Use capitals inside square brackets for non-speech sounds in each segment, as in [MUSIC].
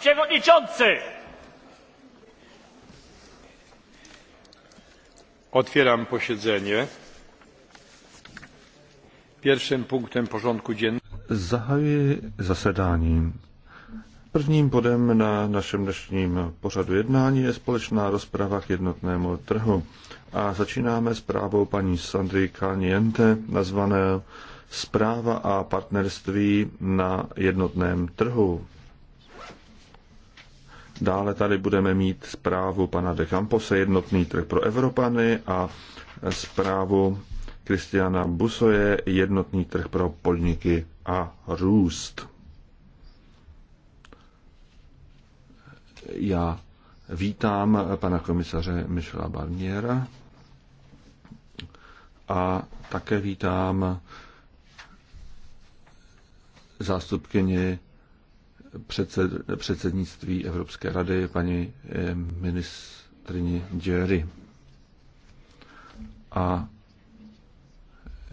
przewodniczący! Otwieram posiedzenie. Pierwszym punktem porządku dziennego. zasedání. Prvním bodem na našem dnešním pořadu jednání je společná rozprava k jednotnému trhu. A začínáme s právou paní Sandry Kalniente, nazvané Zpráva a partnerství na jednotném trhu. Dále tady budeme mít zprávu pana de Campose, jednotný trh pro Evropany a zprávu Kristiana Busoje, jednotný trh pro podniky a růst. Já vítám pana komisaře Michela Barniera a také vítám zástupkyni předsed, předsednictví Evropské rady paní eh, ministrině Jerry. A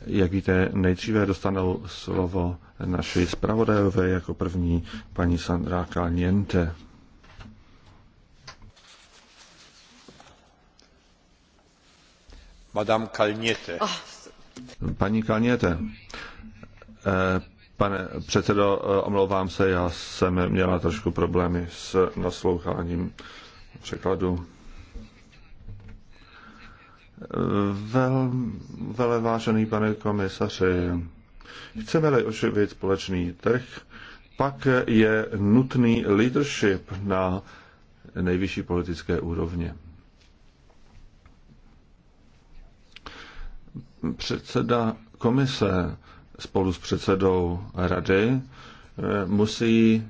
jak víte, nejdříve dostanou slovo naši zpravodajové jako první paní Sandra Kalniente. Madame Kalniete. Ah. Paní Kalniete, eh, Pane předsedo, omlouvám se, já jsem měla trošku problémy s nasloucháním překladu. Vel, vele vážený pane komisaři, chceme-li oživit společný trh, pak je nutný leadership na nejvyšší politické úrovně. Předseda komise spolu s předsedou rady eh, musí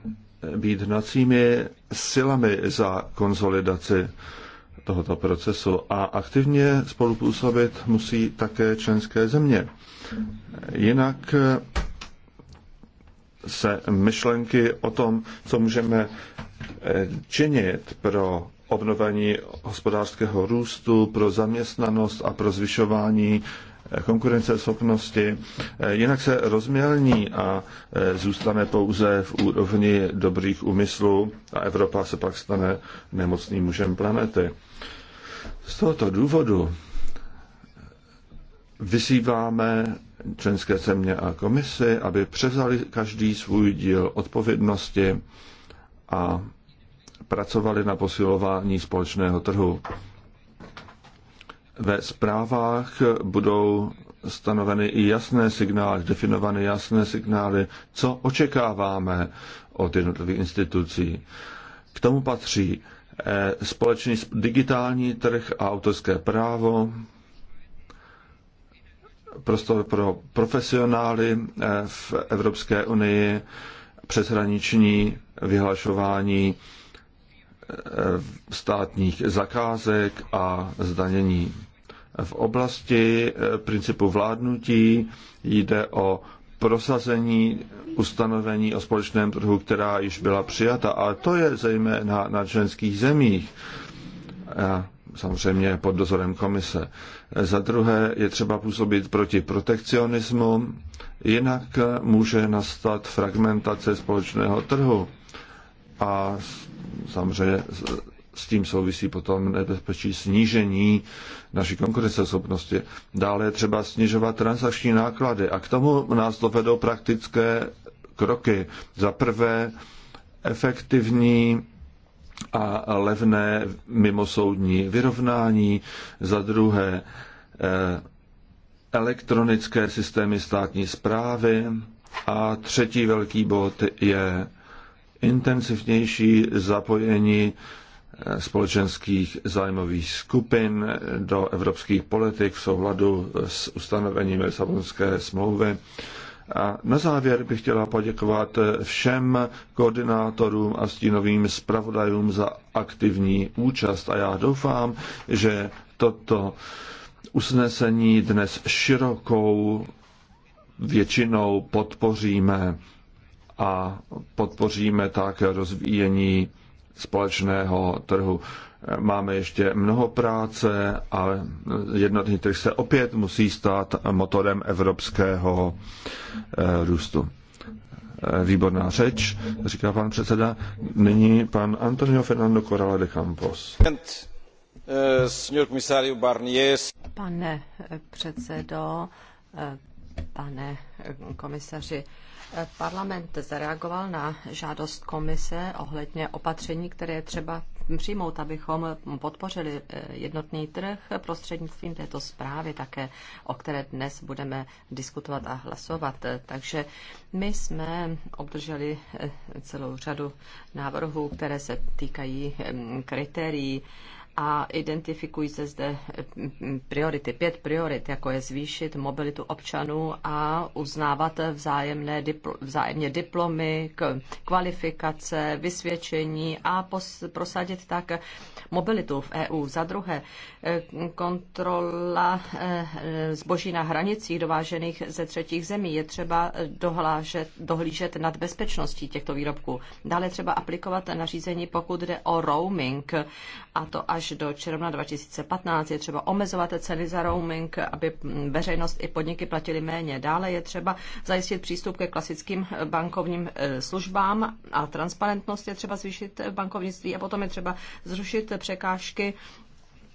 být hnacími silami za konsolidaci tohoto procesu a aktivně spolupůsobit musí také členské země. Jinak eh, se myšlenky o tom, co můžeme eh, činit pro obnovení hospodářského růstu, pro zaměstnanost a pro zvyšování Eh, konkurenceschopnosti. Eh, jinak se rozmělní a eh, zůstane pouze v úrovni dobrých úmyslů a Evropa se pak stane nemocným mužem planety. Z tohoto důvodu vysíváme členské země a komisy, aby převzali každý svůj díl odpovědnosti a pracovali na posilování společného trhu. Ve zprávách budou stanoveny i jasné signály, definovány jasné signály, co očekáváme od jednotlivých institucí. K tomu patří eh, společný digitální trh a autorské právo, prostor pro profesionály eh, v Evropské unii, přeshraniční vyhlašování státních zakázek a zdanění. V oblasti eh, principu vládnutí jde o prosazení ustanovení o společném trhu, která již byla přijata, ale to je zejména na členských zemích, samozřejmě pod dozorem komise. Za druhé je třeba působit proti protekcionismu, jinak může nastat fragmentace společného trhu a samozřejmě s tím souvisí potom nebezpečí snížení naší konkurenceschopnosti. Dále je třeba snižovat transakční náklady a k tomu nás dovedou praktické kroky. Za prvé efektivní a levné mimosoudní vyrovnání, za druhé eh, elektronické systémy státní zprávy a třetí velký bod je intenzivnější zapojení eh, společenských zájmových skupin do evropských politik v souhladu s ustanovením Lisabonské smlouvy. A na závěr bych chtěla poděkovat všem koordinátorům a stínovým zpravodajům za aktivní účast a já doufám, že toto usnesení dnes širokou většinou podpoříme a podpoříme tak rozvíjení společného trhu. Máme ještě mnoho práce a jednotný trh se opět musí stát motorem evropského eh, růstu. Eh, výborná řeč, říká pan předseda. Nyní pan Antonio Fernando Corrala de Campos. Eh, Pane předsedo, Pane komisaři, parlament zareagoval na žádost komise ohledně opatření, které je třeba přijmout, abychom podpořili eh, jednotný trh prostřednictvím této zprávy také, o které dnes budeme diskutovat a hlasovat. Takže my jsme obdrželi eh, celou řadu návrhů, které se týkají eh, kritérií a identifikují se zde priority, pět priorit, jako je zvýšit mobilitu občanů a uznávat vzájemné dipl- vzájemně diplomy, kvalifikace, vysvědčení a pos, prosadit tak mobilitu v EU. Za druhé, kontrola eh, zboží na hranicích dovážených ze třetích zemí. Je třeba dohlážet, dohlížet nad bezpečností těchto výrobků. Dále třeba aplikovat nařízení, pokud jde o roaming, a to až do června 2015. Je třeba omezovat ceny za roaming, aby veřejnost i podniky platili méně. Dále je třeba zajistit přístup ke klasickým bankovním eh, službám a transparentnost je třeba zvýšit bankovnictví a potom je třeba zrušit překážky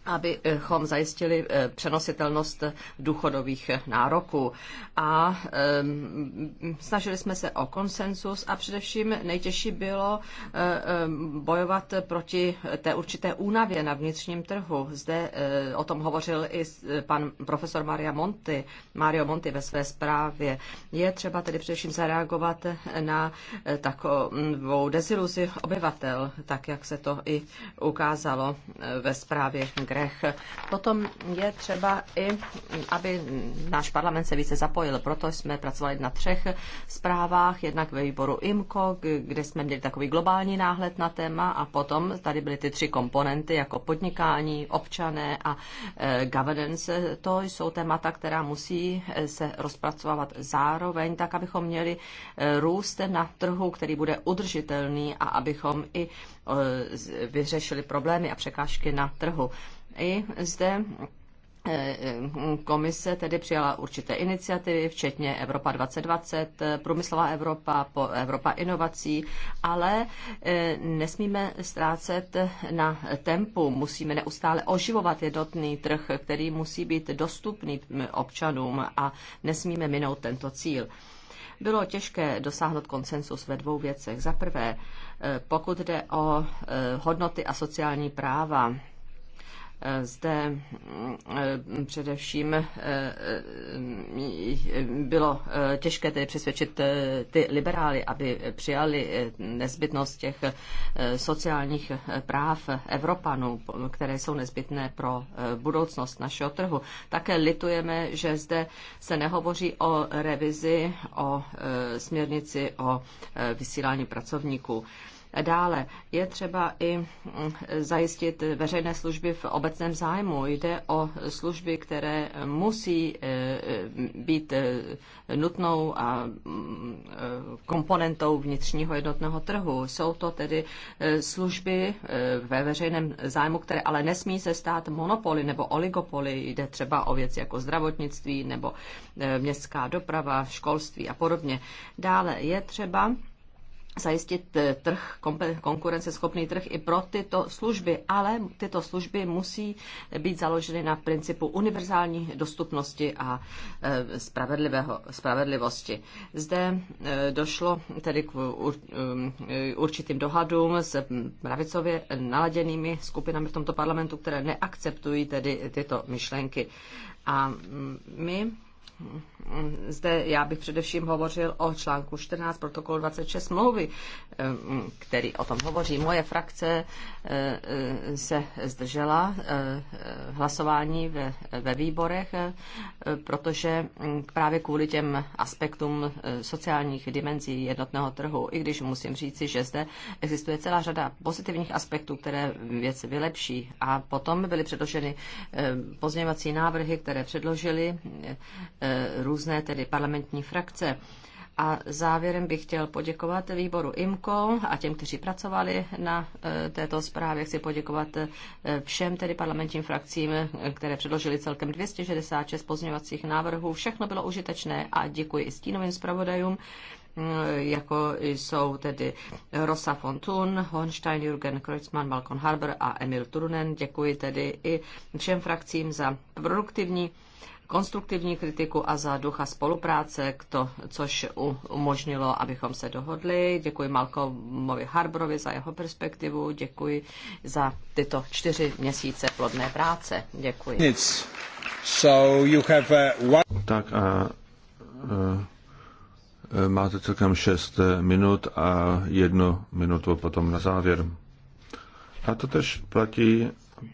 abychom zajistili eh, přenositelnost důchodových nároků. A ehm, snažili jsme se o konsensus a především nejtěžší bylo eh, ehm, bojovat proti té určité únavě na vnitřním trhu. Zde eh, o tom hovořil i pan profesor Maria Monti, Mario Monti ve své zprávě. Je třeba tedy především zareagovat na takovou deziluzi obyvatel, tak jak se to i ukázalo ve zprávě tigrech. Potom je třeba i, aby náš parlament se více zapojil. Proto jsme pracovali na třech zprávách, jednak ve výboru IMCO, kde jsme měli takový globální náhled na téma a potom tady byly ty tři komponenty jako podnikání, občané a e, governance. To jsou témata, která musí e, se rozpracovávat zároveň, tak abychom měli e, růst na trhu, který bude udržitelný a abychom i Eh, vyřešili problémy a překážky na trhu. I zde eh, eh, Komise tedy přijala určité iniciativy, včetně Evropa 2020, Průmyslová Evropa, Evropa inovací, ale nesmíme ztrácet na tempu. Musíme neustále oživovat jednotný trh, který musí být dostupný občanům a nesmíme minout tento cíl. Bylo těžké dosáhnout konsensus ve dvou věcech. Za prvé, Eh, pokud jde o eh, hodnoty a sociální práva, zde mm, eh, především eh, eh, mm, bylo těžké tedy přesvědčit ty liberály, aby přijali nezbytnost těch sociálních práv Evropanů, které jsou nezbytné pro budoucnost našeho trhu. Také litujeme, že zde se nehovoří o revizi, o směrnici, o vysílání pracovníků. Dále je třeba i mm, zajistit veřejné služby v obecném zájmu. Jde o služby, které musí e, e, být e, nutnou a mm, komponentou vnitřního jednotného trhu. Jsou to tedy služby ve veřejném zájmu, které ale nesmí se stát monopoly nebo oligopoly. Jde třeba o věci jako zdravotnictví nebo městská doprava, školství a podobně. Dále je třeba zajistit eh, trh, konkurenceschopný trh i pro tyto služby, ale tyto služby musí být založeny na principu univerzální dostupnosti a eh, spravedlivého, spravedlivosti. Zde eh, došlo tedy k určitým dohadům s pravicově naladěnými skupinami v tomto parlamentu, které neakceptují tedy tyto myšlenky. A mm, my zde já bych především hovořil o článku 14 protokolu 26 smlouvy, eh, který o tom hovoří. Moje frakce eh, se zdržela eh, hlasování ve, ve výborech, protože hm, právě kvůli těm aspektům sociálních dimenzí jednotného trhu, i když musím říci, že zde existuje celá řada pozitivních aspektů, které věc vylepší. A potom byly předloženy pozměňovací návrhy, které předložili různé různé tedy parlamentní frakce. A závěrem bych chtěl poděkovat výboru IMCO a těm, kteří pracovali na e, této zprávě. Chci poděkovat e, všem tedy parlamentním frakcím, které předložili celkem 266 pozměňovacích návrhů. Všechno bylo užitečné a děkuji i stínovým zpravodajům e, jako jsou tedy Rosa Fontun, Honstein, Jürgen Kreuzmann, Balkon Harbour a Emil Turunen. Děkuji tedy i všem frakcím za produktivní konstruktivní kritiku a za ducha spolupráce, to, což umožnilo, abychom se dohodli. Děkuji Malcolmovi Harbrovi za jeho perspektivu, děkuji za tyto čtyři měsíce plodné práce. Děkuji. So you have uh, one... Tak a uh, e, máte celkem šest e, minut a jednu minutu potom na závěr. A to tež platí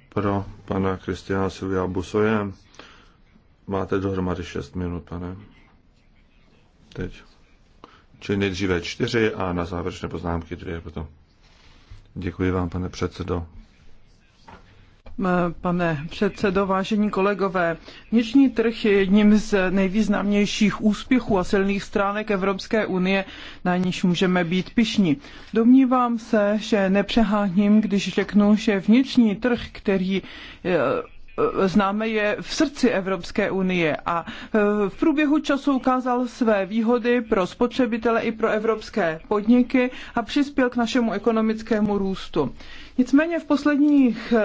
pro pana Kristiana Silvia Busoje Máte dohromady 6 minut, pane. Teď. Čili nejdříve čtyři a na závěrečné poznámky dvě potom. Děkuji vám, pane předsedo. Pane předsedo, vážení kolegové, vnitřní trh je jedním z nejvýznamnějších úspěchů a silných stránek Evropské unie, na níž můžeme být pišní. Domnívám se, že nepřeháním, když řeknu, že vnitřní trh, který eh, známe je v srdci Evropské unie a e, v průběhu času ukázal své výhody pro spotřebitele i pro evropské podniky a přispěl k našemu ekonomickému růstu. Nicméně v posledních eh,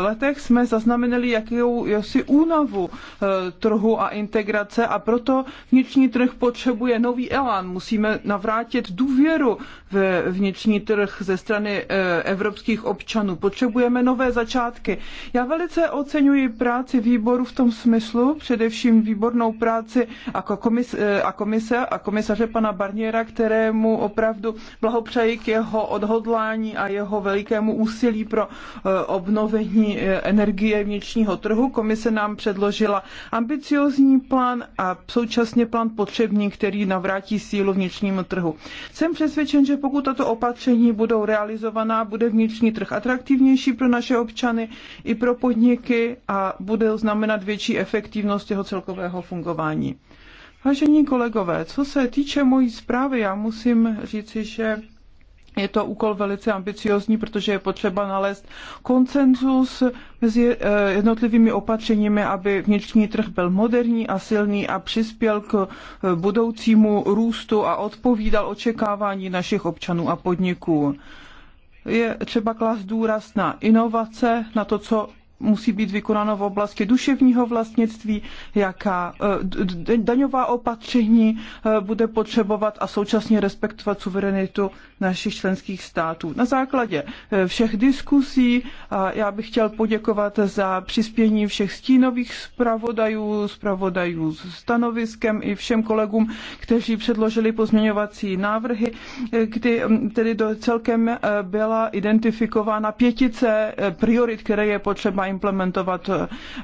letech jsme zaznamenali jakou si únavu eh, trhu a integrace a proto vnitřní trh potřebuje nový elán. Musíme navrátit důvěru ve vnitřní trh ze strany eh, evropských občanů. Potřebujeme nové začátky. Já velice oceňuji práci výboru v tom smyslu, především výbornou práci a jako komise a, komise, a komisaře pana Barniera, kterému opravdu blahopřeji k jeho odhodlání a jeho velikému úsilí úsilí pro eh, obnovení eh, energie vnitřního trhu. Komise nám předložila ambiciozní plán a současně plán potřebný, který navrátí sílu vnitřnímu trhu. Jsem přesvědčen, že pokud tato opatření budou realizovaná, bude vnitřní trh atraktivnější pro naše občany i pro podniky a bude znamenat větší efektivnost jeho celkového fungování. Vážení kolegové, co se týče mojí zprávy, já musím říci, že je to úkol velice ambiciozní, protože je potřeba nalézt konsenzus mezi eh, jednotlivými opatřeními, aby vnitřní trh byl moderní a silný a přispěl k eh, budoucímu růstu a odpovídal očekávání našich občanů a podniků je třeba klást důraz na inovace, na to, co musí být vykonáno v oblasti duševního vlastnictví, jaká eh, daňová opatření eh, bude potřebovat a současně respektovat suverenitu našich členských států. Na základě eh, všech diskusí já bych chtěl poděkovat za přispění všech stínových zpravodajů, zpravodajů s stanoviskem i všem kolegům, kteří předložili pozměňovací návrhy, kdy tedy do celkem byla identifikována pětice priorit, které je potřeba implementovat.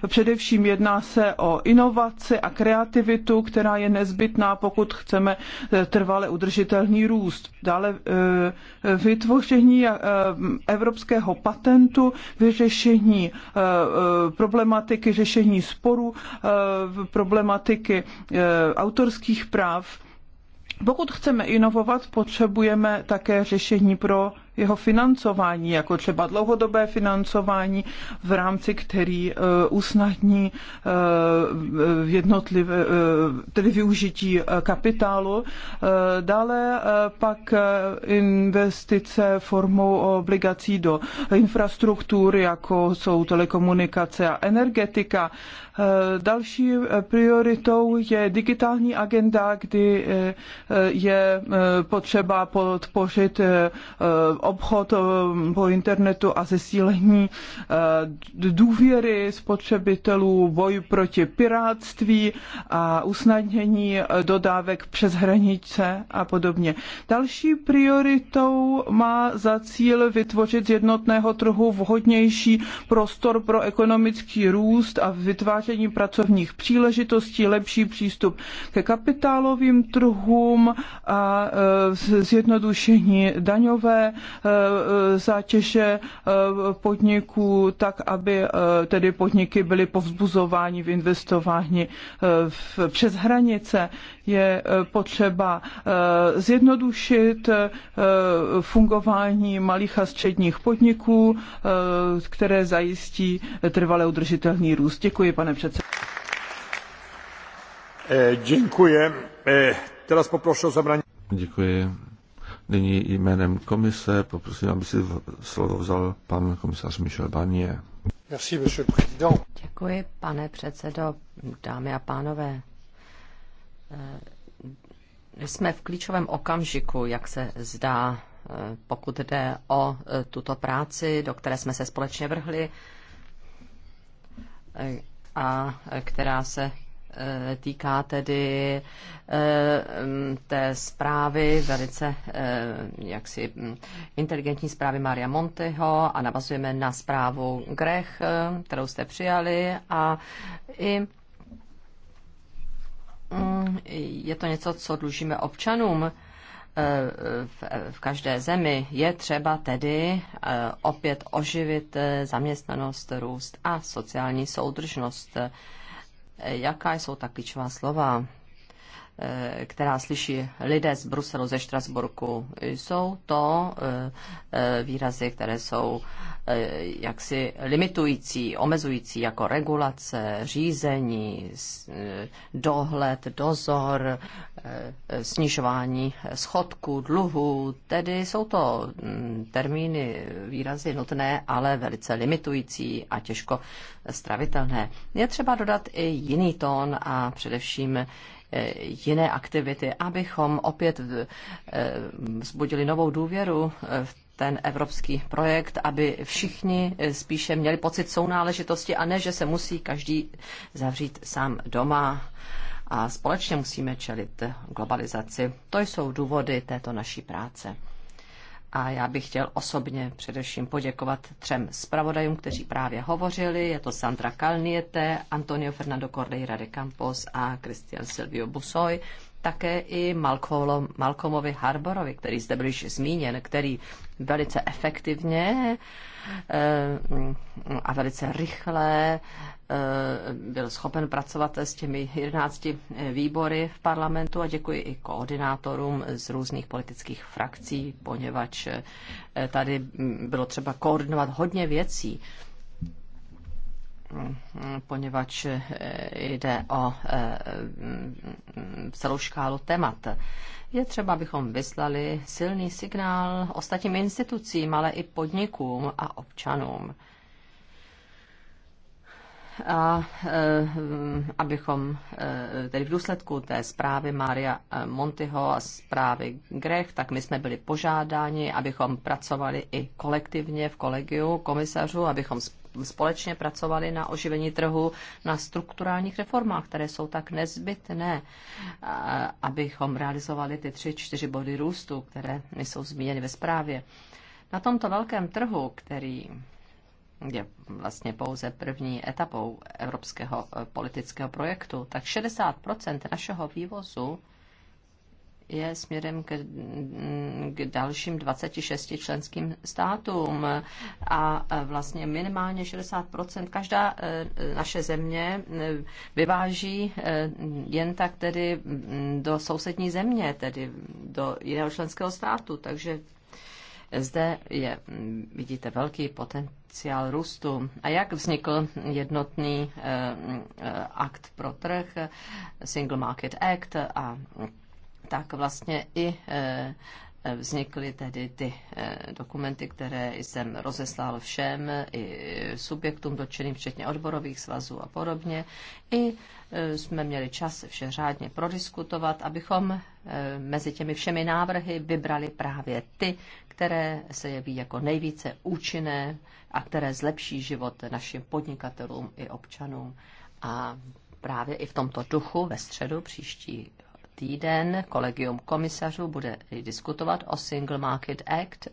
Především jedná se o inovaci a kreativitu, která je nezbytná, pokud chceme eh, trvale udržitelný růst. Dále eh, vytvoření eh, evropského patentu, vyřešení problematiky, řešení sporů, problematiky autorských práv. Pokud chceme inovovat, potřebujeme také řešení pro jeho financování, jako třeba dlouhodobé financování, v rámci který eh, usnadní eh, jednotlivé, eh, tedy využití kapitálu. Dále pak investice formou obligací do infrastruktur, jako jsou telekomunikace a energetika. Další prioritou je digitální agenda, kdy je potřeba podpořit obchod eh, po internetu a zesílení eh, důvěry spotřebitelů, boj proti pirátství a usnadnění eh, dodávek přes hranice a podobně. Další prioritou má za cíl vytvořit z jednotného trhu vhodnější prostor pro ekonomický růst a vytváření pracovních příležitostí, lepší přístup ke kapitálovým trhům a zjednodušení daňové Eh, eh, zátěže eh, podniků, tak aby tedy podniky byly povzbuzovány, v investování v, přes hranice. Je potřeba zjednodušit fungování malých a středních podniků, které zajistí trvale udržitelný růst. Děkuji, pane předsedo. Děkuji. Teraz poproszę o zabranie. Děkuji. Nyní jménem komise poprosím, aby si slovo vzal pan komisař Michel Barnier. Děkuji, pane předsedo, dámy a pánové. Eh, jsme v klíčovém okamžiku, jak se zdá, eh, pokud jde o eh, tuto práci, do které jsme se společně vrhli a která se Eh, týká tedy eh, mm, té zprávy, velice eh, jaksi mm, inteligentní zprávy Maria Monteho a navazujeme na zprávu Grech, kterou jste přijali a i mm, je to něco, co dlužíme občanům v každé zemi. Je třeba tedy opět oživit zaměstnanost, růst a sociální soudržnost jaká jsou ta klíčová slova, eh, která slyší lidé z Bruselu, ze Štrasburku. Jsou to eh, eh, výrazy, které jsou jaksi limitující, omezující, jako regulace, řízení, dohled, dozor, Eh, snižování schodku, dluhu, tedy jsou to mm, termíny výrazy nutné, ale velice limitující a těžko stravitelné. Je třeba dodat i jiný tón a především eh, jiné aktivity, abychom opět eh, vzbudili novou důvěru v ten evropský projekt, aby všichni spíše měli pocit sounáležitosti a ne, že se musí každý zavřít sám doma a společně musíme čelit globalizaci. To jsou důvody této naší práce. A já bych chtěl osobně především poděkovat třem zpravodajům, kteří právě hovořili. Je to Sandra Kalniete, Antonio Fernando Cordeira de Campos a Christian Silvio Busoy také i Malcolmovi Harborovi, který zde byl již zmíněn, který velice efektivně eh, a velice rychle eh, byl schopen pracovat s těmi 11 eh, výbory v parlamentu a děkuji i koordinátorům z různých politických frakcí, poněvadž tady mm, bylo třeba koordinovat hodně věcí poněvadž eh, jde o eh, celou škálu témat. Je třeba, abychom vyslali silný signál ostatním institucím, ale i podnikům a občanům. A eh, abychom tedy v důsledku té zprávy Maria Montyho a zprávy Grech, tak my jsme byli požádáni, abychom pracovali i kolektivně v kolegiu komisařů, abychom společně pracovali na oživení trhu, na strukturálních reformách, které jsou tak nezbytné, abychom realizovali ty tři, čtyři body růstu, které jsou zmíněny ve zprávě. Na tomto velkém trhu, který je vlastně pouze první etapou evropského eh, politického projektu, tak 60 našeho vývozu je směrem k, k dalším 26 členským státům a e, vlastně minimálně 60 každá e, naše země e, vyváží jen tak tedy do sousední země, tedy do jiného členského státu, takže zde je, vidíte, velký potenciál růstu. A jak vznikl jednotný akt pro trh, Single Market Act a tak vlastně i eh, eh, vznikly tedy ty eh, dokumenty, které jsem rozeslal všem, i subjektům dotčeným, včetně odborových svazů a podobně. I jsme měli čas vše řádně prodiskutovat, abychom mezi těmi všemi návrhy vybrali právě ty, které se jeví jako nejvíce účinné a které zlepší život našim podnikatelům i občanům. A právě i v tomto duchu ve středu příští týden kolegium komisařů bude diskutovat o Single Market Act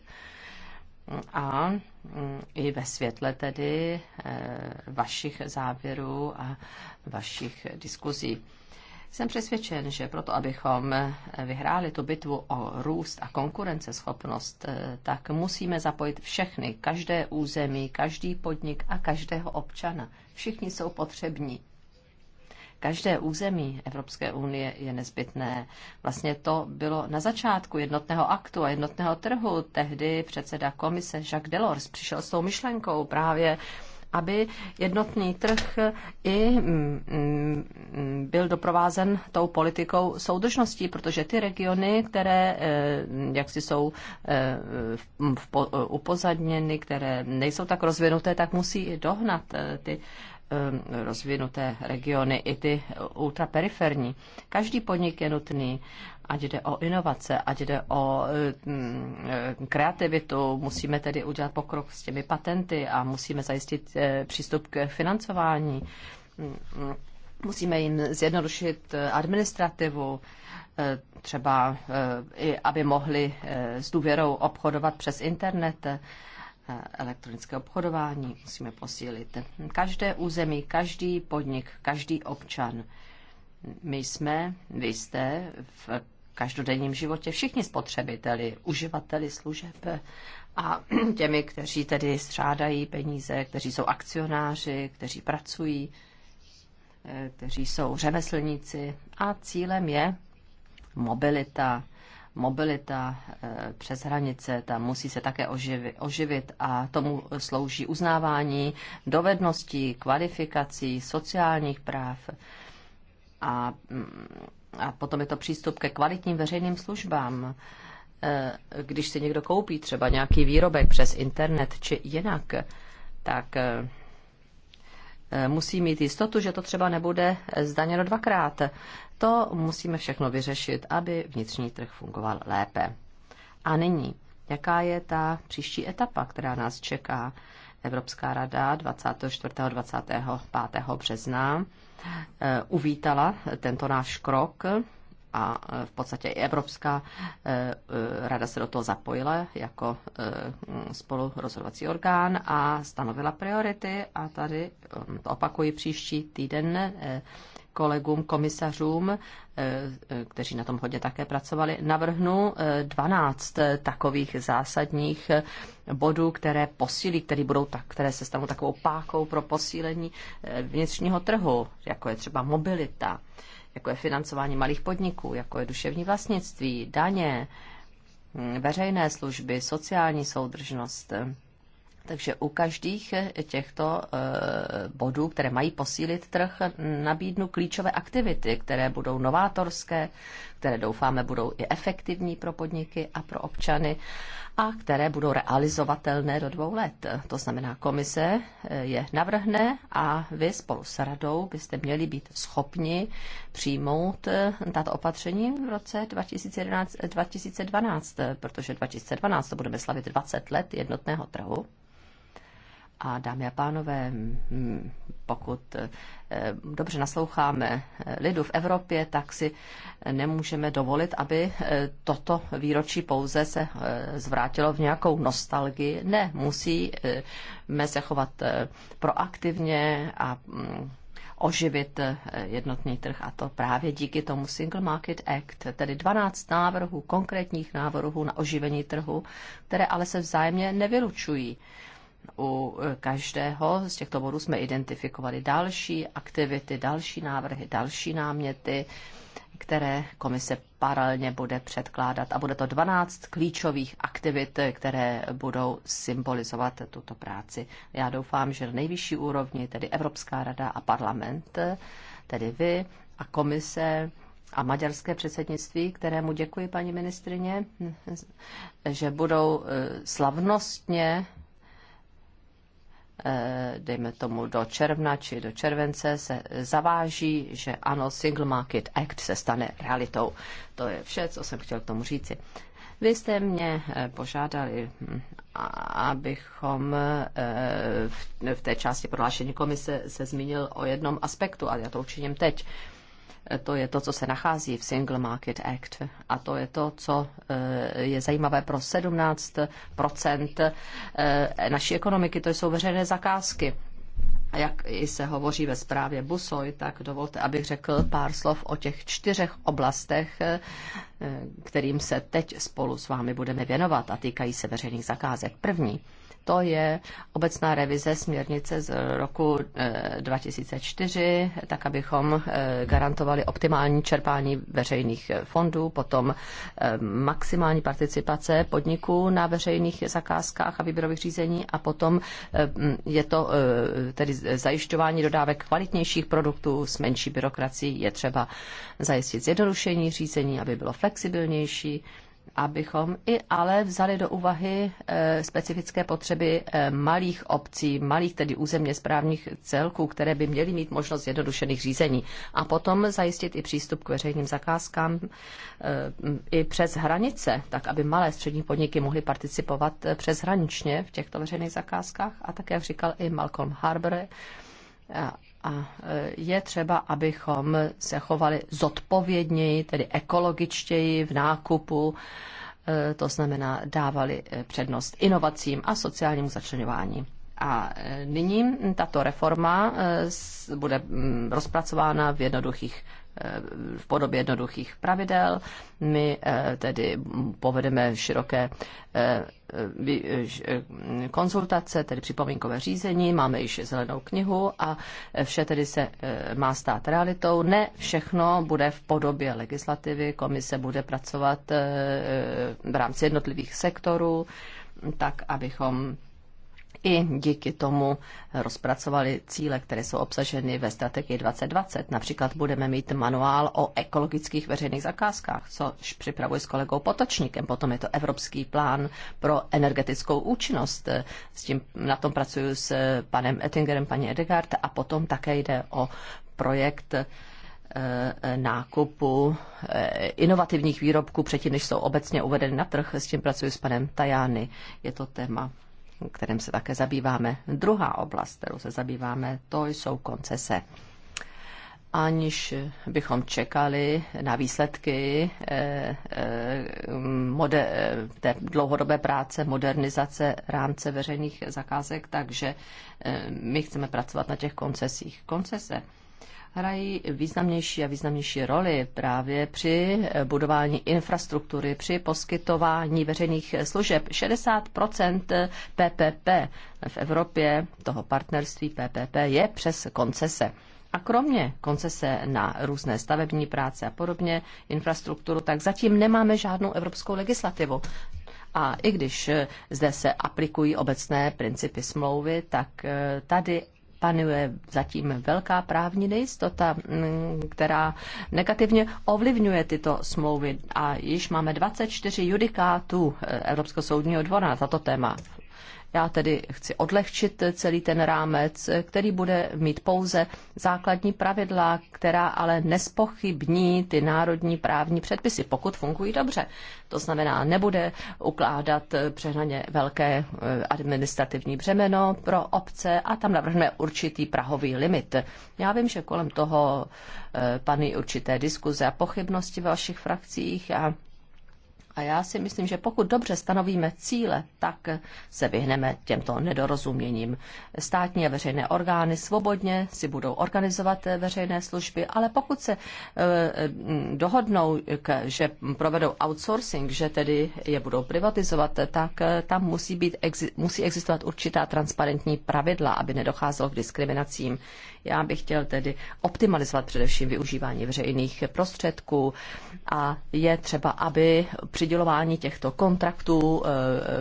a mm, i ve světle tedy eh, vašich závěrů a vašich diskuzí. Jsem přesvědčen, že proto, abychom eh, vyhráli tu bitvu o růst a konkurenceschopnost, eh, tak musíme zapojit všechny, každé území, každý podnik a každého občana. Všichni jsou potřební každé území Evropské unie je nezbytné. Vlastně to bylo na začátku jednotného aktu a jednotného trhu. Tehdy předseda komise Jacques Delors přišel s tou myšlenkou právě aby jednotný trh i mm, mm, byl doprovázen tou politikou soudržností, protože ty regiony, které eh, jaksi jsou eh, eh, upozadněny, které nejsou tak rozvinuté, tak musí dohnat ty Eh, rozvinuté regiony, i ty ultraperiferní. Každý podnik je nutný, ať jde o inovace, ať jde o eh, mm, eh, kreativitu. Musíme tedy udělat pokrok s těmi patenty a musíme zajistit přístup k financování. Mm, musíme jim zjednodušit administrativu, třeba i aby mohli s důvěrou obchodovat přes internet Eh, elektronické obchodování musíme posílit. Každé území, každý podnik, každý občan. My jsme, vy jste v každodenním životě všichni spotřebiteli, uživateli služeb a [CLEARS THROAT] těmi, kteří tedy střádají peníze, kteří jsou akcionáři, kteří pracují, eh, kteří jsou řemeslníci. A cílem je mobilita, mobilita eh, přes hranice, tam musí se také oživit, oživit a tomu slouží uznávání dovedností, kvalifikací, sociálních práv a, mm, a potom je to přístup ke kvalitním veřejným službám. Eh, když si někdo koupí třeba nějaký výrobek přes internet či jinak, tak eh, musí mít jistotu, že to třeba nebude zdaněno dvakrát. To musíme všechno vyřešit, aby vnitřní trh fungoval lépe. A nyní, jaká je ta příští etapa, která nás čeká? Evropská rada 24. a 25. března eh, uvítala tento náš krok a eh, v podstatě i Evropská eh, rada se do toho zapojila jako spolurozhodovací orgán a stanovila priority a tady to opakuji příští týden kolegům komisařům, eh, eh, kteří na tom hodně také pracovali, navrhnu 12 eh, takových zásadních bodů, které posílí, které, budou tak, které se stanou takovou pákou pro posílení vnitřního trhu, jako je třeba mobilita, jako je financování malých podniků, jako je duševní vlastnictví, daně, hm, veřejné služby, sociální soudržnost, takže u každých eh, těchto eh, bodů, které mají posílit trh, nabídnu klíčové aktivity, které budou novátorské, které doufáme budou i efektivní pro podniky a pro občany a které budou realizovatelné do dvou let. To znamená, komise eh, je navrhne a vy spolu s radou byste měli být schopni přijmout tato opatření v roce 2011, 2012, protože 2012 to budeme slavit 20 let jednotného trhu. A dámy a pánové, pokud eh, dobře nasloucháme eh, lidu v Evropě, tak si eh, nemůžeme dovolit, aby toto výročí pouze se zvrátilo v nějakou nostalgii. Ne, musíme se chovat proaktivně a mm, oživit jednotný trh a to právě díky tomu Single Market Act, tedy 12 návrhů, konkrétních návrhů na oživení trhu, které ale se vzájemně nevylučují u e, každého z těchto bodů jsme identifikovali další aktivity, další návrhy, další náměty, které komise paralelně bude předkládat. A bude to 12 klíčových aktivit, které budou symbolizovat tuto práci. Já doufám, že na nejvyšší úrovni, tedy Evropská rada a parlament, tedy vy a komise, a maďarské předsednictví, kterému děkuji, paní ministrině, že budou e, slavnostně Eh, dejme tomu do června či do července, se zaváží, že ano, Single Market Act se stane realitou. To je vše, co jsem chtěl k tomu říci. Vy jste mě eh, požádali, hm, abychom eh, v té části prohlášení komise se zmínil o jednom aspektu, ale já to učiním teď to je to, co se nachází v Single Market Act a to je to, co eh, je zajímavé pro 17 eh, naší ekonomiky, to jsou veřejné zakázky. A jak i se hovoří ve zprávě Busoj, tak dovolte, abych řekl pár slov o těch čtyřech oblastech, eh, kterým se teď spolu s vámi budeme věnovat a týkají se veřejných zakázek. První to je obecná revize směrnice z roku 2004, eh, tak abychom eh, garantovali optimální čerpání veřejných eh, fondů, potom maximální participace podniků na veřejných zakázkách a výběrových řízení a potom je to tedy zajišťování dodávek kvalitnějších produktů s menší byrokracií. Je třeba zajistit zjednodušení řízení, aby bylo flexibilnější abychom i ale vzali do úvahy eh, specifické potřeby eh, malých obcí, malých tedy územně správních celků, které by měly mít možnost jednodušených řízení. A potom zajistit i přístup k veřejným zakázkám eh, i přes hranice, tak aby malé střední podniky mohly participovat přeshraničně v těchto veřejných zakázkách. A tak, jak říkal i Malcolm Harbour, a e, je třeba, abychom se chovali zodpovědněji, tedy ekologičtěji v nákupu, e, to znamená dávali e, přednost inovacím a sociálnímu začlenování. A e, nyní tato reforma e, bude mm, rozpracována v jednoduchých e, v podobě jednoduchých pravidel. My tedy povedeme široké konzultace, tedy připomínkové řízení, máme již zelenou knihu a vše tedy se má stát realitou. Ne všechno bude v podobě legislativy, komise bude pracovat v rámci jednotlivých sektorů, tak abychom i díky tomu rozpracovali cíle, které jsou obsaženy ve strategii 2020. Například budeme mít manuál o ekologických veřejných zakázkách, což připravuji s kolegou Potočníkem. Potom je to Evropský plán pro energetickou účinnost. S tím na tom pracuju s panem Ettingerem, paní Edegard a potom také jde o projekt eh, nákupu eh, inovativních výrobků předtím, než jsou obecně uvedeny na trh. S tím pracuji s panem Tajány. Je to téma kterým se také zabýváme. Druhá oblast, kterou se zabýváme, to jsou koncese. Aniž bychom čekali na výsledky eh, eh, eh, té dlouhodobé práce, modernizace rámce veřejných zakázek, takže my chceme pracovat na těch koncesích. Koncese hrají významnější a významnější roli právě při eh, budování infrastruktury, při poskytování veřejných služeb. 60 PPP eh, v Evropě, toho partnerství PPP, je přes koncese. A kromě koncese na různé stavební práce a podobně, infrastrukturu, tak zatím nemáme žádnou evropskou legislativu. A i když eh, zde se aplikují obecné principy smlouvy, tak tady panuje zatím velká právní nejistota, mm, která negativně ovlivňuje tyto smlouvy. A již máme 24 judikátů eh, Evropského soudního dvora na tato téma. Já tedy chci odlehčit celý ten rámec, který bude mít pouze základní pravidla, která ale nespochybní ty národní právní předpisy, pokud fungují dobře. To znamená, nebude ukládat přehnaně velké eh, administrativní břemeno pro obce a tam navrhne určitý prahový limit. Já vím, že kolem toho eh, panují určité diskuze a pochybnosti ve vašich frakcích a a já si myslím, že pokud dobře stanovíme cíle, tak se vyhneme těmto nedorozuměním. Státní a veřejné orgány svobodně si budou organizovat eh, veřejné služby, ale pokud se eh, dohodnou, že provedou outsourcing, že tedy je budou privatizovat, eh, tak tam musí, být, musí existovat určitá transparentní pravidla, aby nedocházelo k diskriminacím. Já bych chtěl tedy optimalizovat především využívání veřejných prostředků a je třeba, aby přidělování těchto kontraktů eh,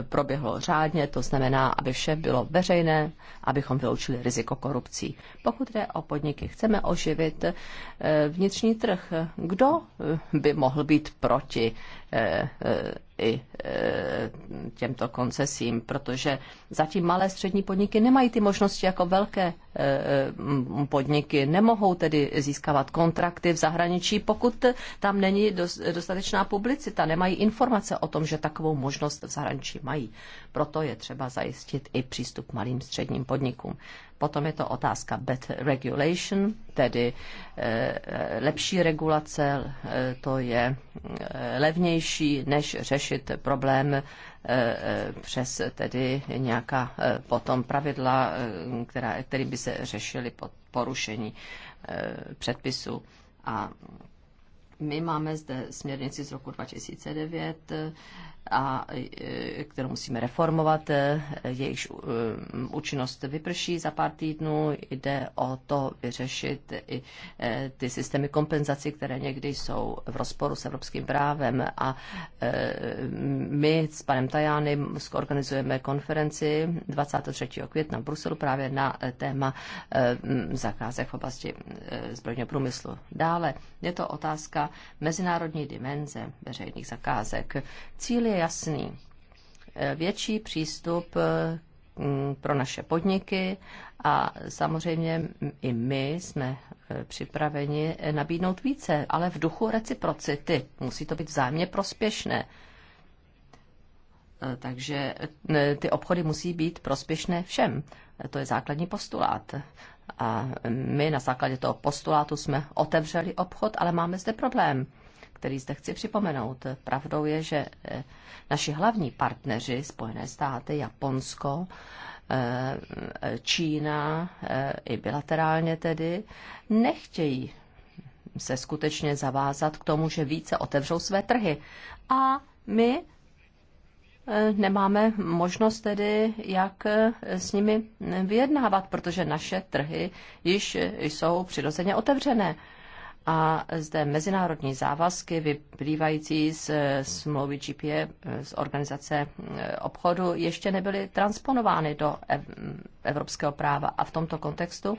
proběhlo řádně, to znamená, aby vše bylo veřejné, abychom vyloučili riziko korupcí. Pokud jde o podniky, chceme oživit eh, vnitřní trh. Kdo eh, by mohl být proti Eh, eh, i eh, těmto koncesím, protože zatím malé střední podniky nemají ty možnosti jako velké podniky, nemohou tedy získávat kontrakty v zahraničí, pokud tam není dostatečná publicita, nemají informace o tom, že takovou možnost v zahraničí mají. Proto je třeba zajistit i přístup malým středním podnikům. Potom je to otázka better regulation, tedy eh, eh, lepší regulace, eh, to je levnější, než řešit problém přes tedy nějaká potom pravidla, která, který by se řešily porušení předpisu. A my máme zde směrnici z roku 2009, a e, kterou musíme reformovat, e, jejíž e, účinnost vyprší za pár týdnů. Jde o to vyřešit i ty systémy kompenzací, které někdy jsou v rozporu s evropským právem. A my s panem Tajány zorganizujeme konferenci 23. května v Bruselu právě na téma zakázek v oblasti zbrojního průmyslu. Dále je to otázka mezinárodní dimenze veřejných zakázek. Cíly je jasný. Eh, větší přístup eh, mm, pro naše podniky a samozřejmě i my jsme eh, připraveni nabídnout více, ale v duchu reciprocity. Musí to být vzájemně prospěšné. Takže ty obchody musí být prospěšné všem. To je základní postulát. A my na základě toho postulátu jsme otevřeli obchod, ale máme zde problém který zde chci připomenout. Pravdou je, že eh, naši hlavní partneři, Spojené státy, Japonsko, eh, Čína, eh, i bilaterálně tedy, nechtějí se skutečně zavázat k tomu, že více otevřou své trhy. A my nemáme možnost tedy, jak s nimi vyjednávat, protože naše trhy již jsou přirozeně otevřené a zde mezinárodní závazky vyplývající z smlouvy GPA z organizace eh, obchodu ještě nebyly transponovány do evropského práva a v tomto kontextu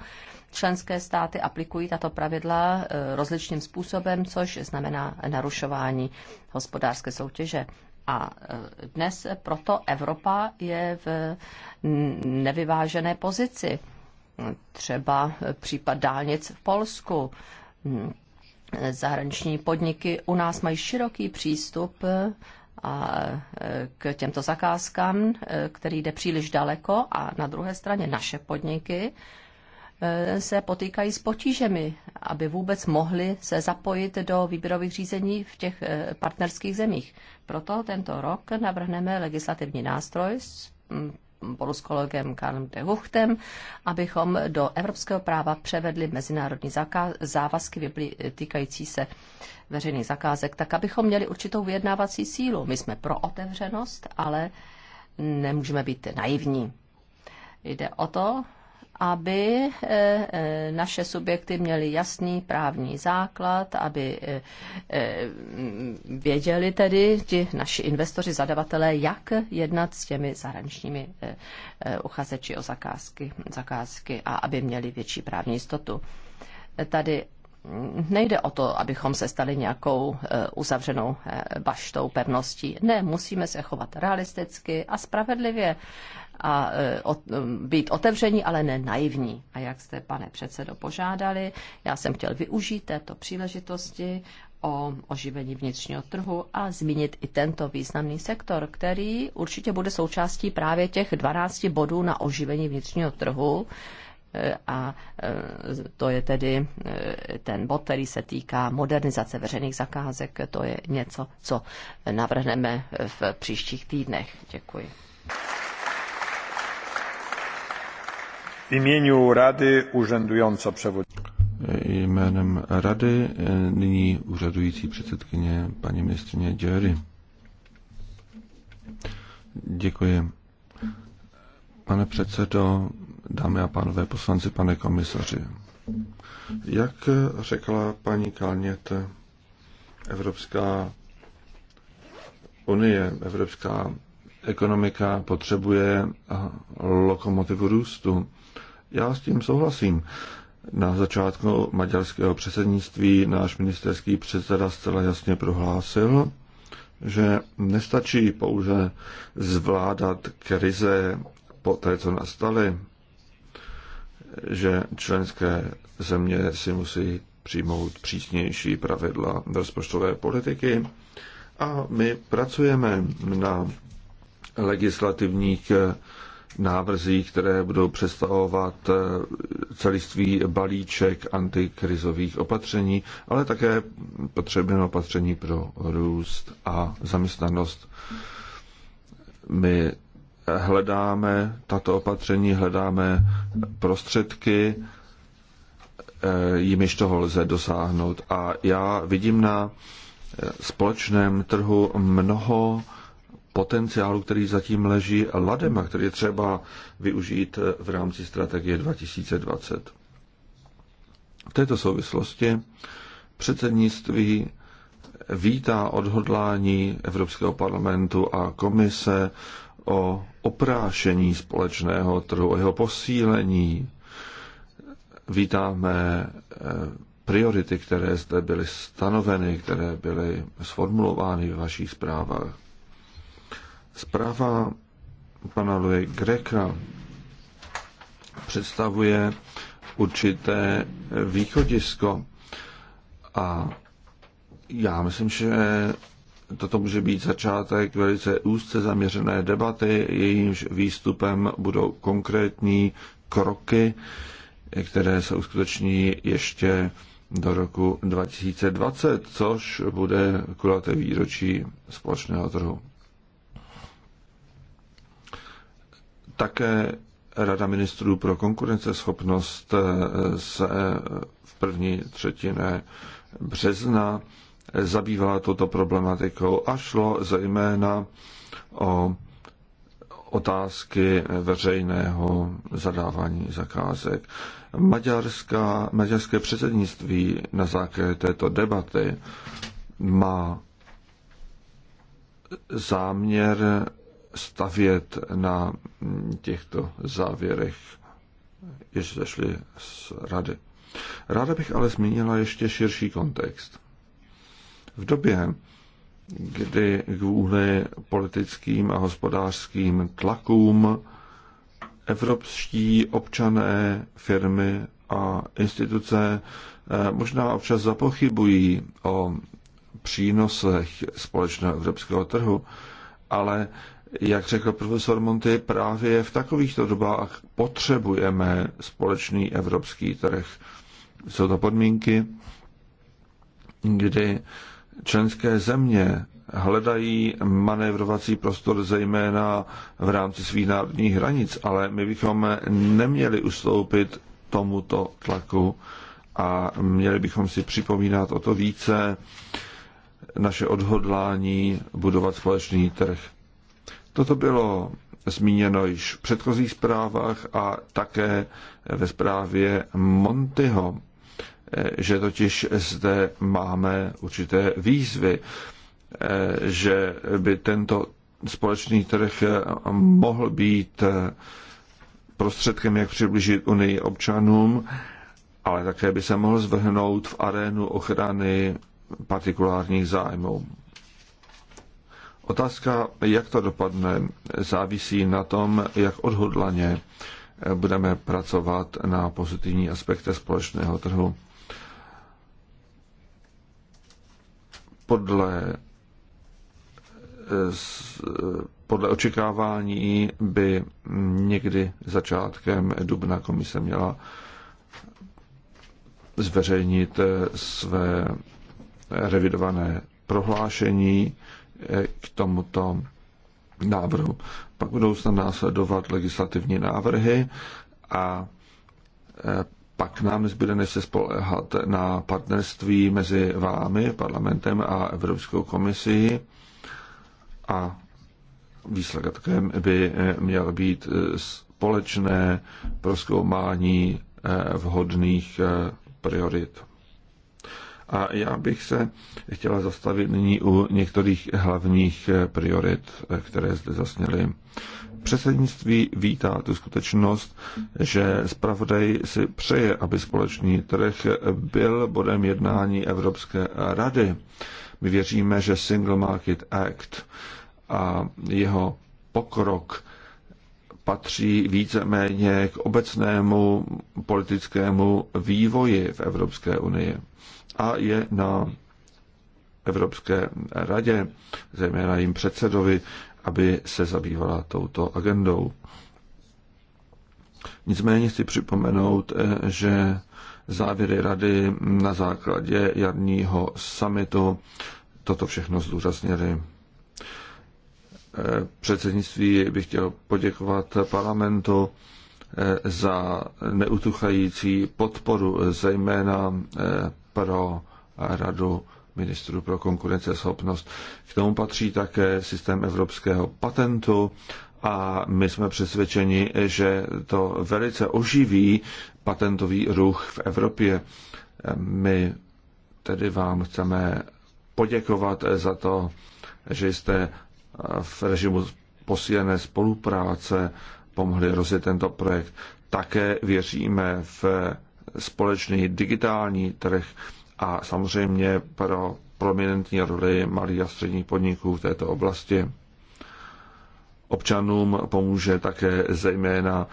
členské státy aplikují tato pravidla eh, rozličným způsobem, což znamená narušování hospodářské soutěže. A eh, dnes proto Evropa je v nevyvážené pozici třeba případ dálnic v Polsku, Hmm. zahraniční podniky u nás mají široký přístup eh, a eh, k těmto zakázkám, eh, který jde příliš daleko a na druhé straně naše podniky se potýkají s potížemi, aby vůbec mohli se zapojit do výběrových řízení v těch partnerských zemích. Proto tento rok navrhneme legislativní nástroj hm, poluskologem Karlem de Huchtem, abychom do evropského práva převedli mezinárodní závazky týkající se veřejných zakázek, tak abychom měli určitou vyjednávací sílu. My jsme pro otevřenost, ale nemůžeme být naivní. Jde o to, aby eh, eh, naše subjekty měly jasný právní základ, aby eh, věděli tedy ti naši investoři, zadavatelé, jak jednat s těmi zahraničními uchazeči o zakázky, zakázky a aby měli větší právní jistotu. Tady nejde o to, abychom se stali nějakou uzavřenou baštou, pevností. Ne, musíme se chovat realisticky a spravedlivě a e, e, být otevření, ale ne naivní. A jak jste, pane předsedo, požádali, já jsem chtěl využít této příležitosti o oživení vnitřního trhu a zmínit i tento významný sektor, který určitě bude součástí právě těch 12 bodů na oživení vnitřního trhu. E, a to je tedy ten bod, který se týká modernizace veřejných zakázek. To je něco, co navrhneme v příštích týdnech. Děkuji. imieniu Rady urzędująca przewodnicząca. Jménem Rady e, nyní úřadující předsedkyně paní ministrině Děry. Děkuji. Pane předsedo, dámy a pánové poslanci, pane komisaři. Jak řekla paní Kalnět, Evropská unie, Evropská ekonomika potřebuje lokomotivu růstu. Já s tím souhlasím. Na začátku maďarského předsednictví náš ministerský předseda zcela jasně prohlásil, že nestačí pouze zvládat krize po té, co nastaly, že členské země si musí přijmout přísnější pravidla rozpočtové politiky. A my pracujeme na legislativních eh, návrzí, které budou představovat eh, celistvý balíček antikrizových opatření, ale také potřebné opatření pro růst a zaměstnanost. My hledáme tato opatření, hledáme prostředky, eh, jimiž toho lze dosáhnout. A já vidím na společném trhu mnoho potenciálu, který zatím leží ladem a který je třeba využít v rámci strategie 2020. V této souvislosti předsednictví vítá odhodlání Evropského parlamentu a komise o oprášení společného trhu, o jeho posílení. Vítáme eh, priority, které zde byly stanoveny, které byly sformulovány v vašich zprávách. Zpráva pana Louis Greka představuje určité východisko a já myslím, že toto může být začátek velice úzce zaměřené debaty, jejímž výstupem budou konkrétní kroky, které se uskuteční ještě do roku 2020, což bude kulaté výročí společného trhu. Také Rada ministrů pro konkurenceschopnost eh, se eh, v první třetině března zabývala touto problematikou a šlo zejména o otázky veřejného zadávání zakázek. Maďarská, maďarské předsednictví na základě této debaty má záměr stavět na těchto závěrech, jež zašly z rady. Ráda bych ale zmínila ještě širší kontext. V době, kdy kvůli politickým a hospodářským tlakům evropští občané, firmy a instituce eh, možná občas zapochybují o přínosech společného evropského trhu, ale jak řekl profesor Monty, právě v takovýchto dobách potřebujeme společný evropský trh. Jsou to podmínky, kdy členské země hledají manévrovací prostor zejména v rámci svých národních hranic, ale my bychom neměli ustoupit tomuto tlaku a měli bychom si připomínat o to více naše odhodlání budovat společný trh. Toto bylo zmíněno již v předchozích zprávách a také ve zprávě Montyho, že totiž zde máme určité výzvy, že by tento společný trh mohl být prostředkem, jak přiblížit Unii občanům, ale také by se mohl zvrhnout v arénu ochrany partikulárních zájmů. Otázka, jak to dopadne, závisí na tom, jak odhodlaně budeme pracovat na pozitivní aspekty společného trhu. Podle, podle očekávání by někdy začátkem dubna komise měla zveřejnit své revidované prohlášení, k tomuto návrhu. Pak budou snad následovat legislativní návrhy a e, pak nám zbyde než se spolehat na partnerství mezi vámi, parlamentem a Evropskou komisí a výsledkem by e, měl být e, společné proskoumání vhodných priorit. A já bych se chtěla zastavit nyní u některých hlavních priorit, které zde zasněly. Předsednictví vítá tu skutečnost, že zpravodaj si přeje, aby společný trh byl bodem jednání Evropské rady. My věříme, že Single Market Act a jeho pokrok patří víceméně k obecnému politickému vývoji v Evropské unii a je na Evropské radě, zejména jim předsedovi, aby se zabývala touto agendou. Nicméně chci připomenout, eh, že závěry rady na základě jarního samitu toto všechno zdůraznili. Eh, předsednictví bych chtěl poděkovat parlamentu eh, za neutuchající podporu, zejména pro Radu ministrů pro konkurenceschopnost. K tomu patří také systém evropského patentu a my jsme přesvědčeni, že to velice oživí patentový ruch v Evropě. My tedy vám chceme poděkovat za to, že jste v režimu posílené spolupráce pomohli rozjet tento projekt. Také věříme v společný digitální trh a samozřejmě pro prominentní roli malých a středních podniků v této oblasti. Občanům pomůže také zejména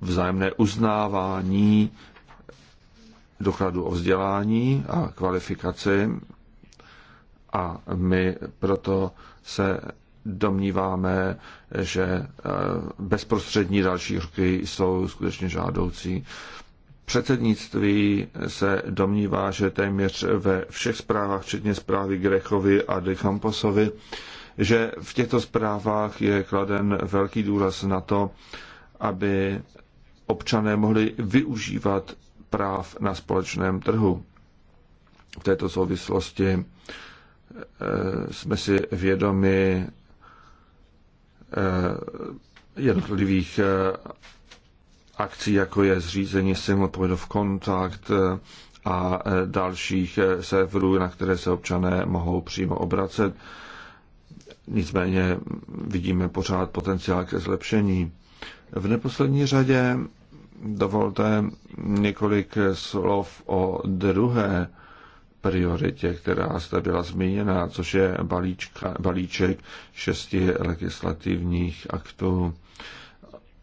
vzájemné uznávání dokladu o vzdělání a kvalifikaci a my proto se domníváme, že eh, bezprostřední další roky jsou skutečně žádoucí. Předsednictví se domnívá, že téměř ve všech zprávách, včetně zprávy Grechovi a De Camposovi, že v těchto zprávách je kladen velký důraz na to, aby občané mohli využívat práv na společném trhu. V této souvislosti eh, jsme si vědomi eh, jednotlivých eh, akcí, jako je zřízení Single Point of Contact eh, a eh, dalších eh, serverů, na které se občané mohou přímo obracet. Nicméně vidíme pořád potenciál ke zlepšení. V neposlední řadě dovolte několik slov o druhé prioritě, která zde byla zmíněna, což je balíčka, balíček šesti legislativních aktů.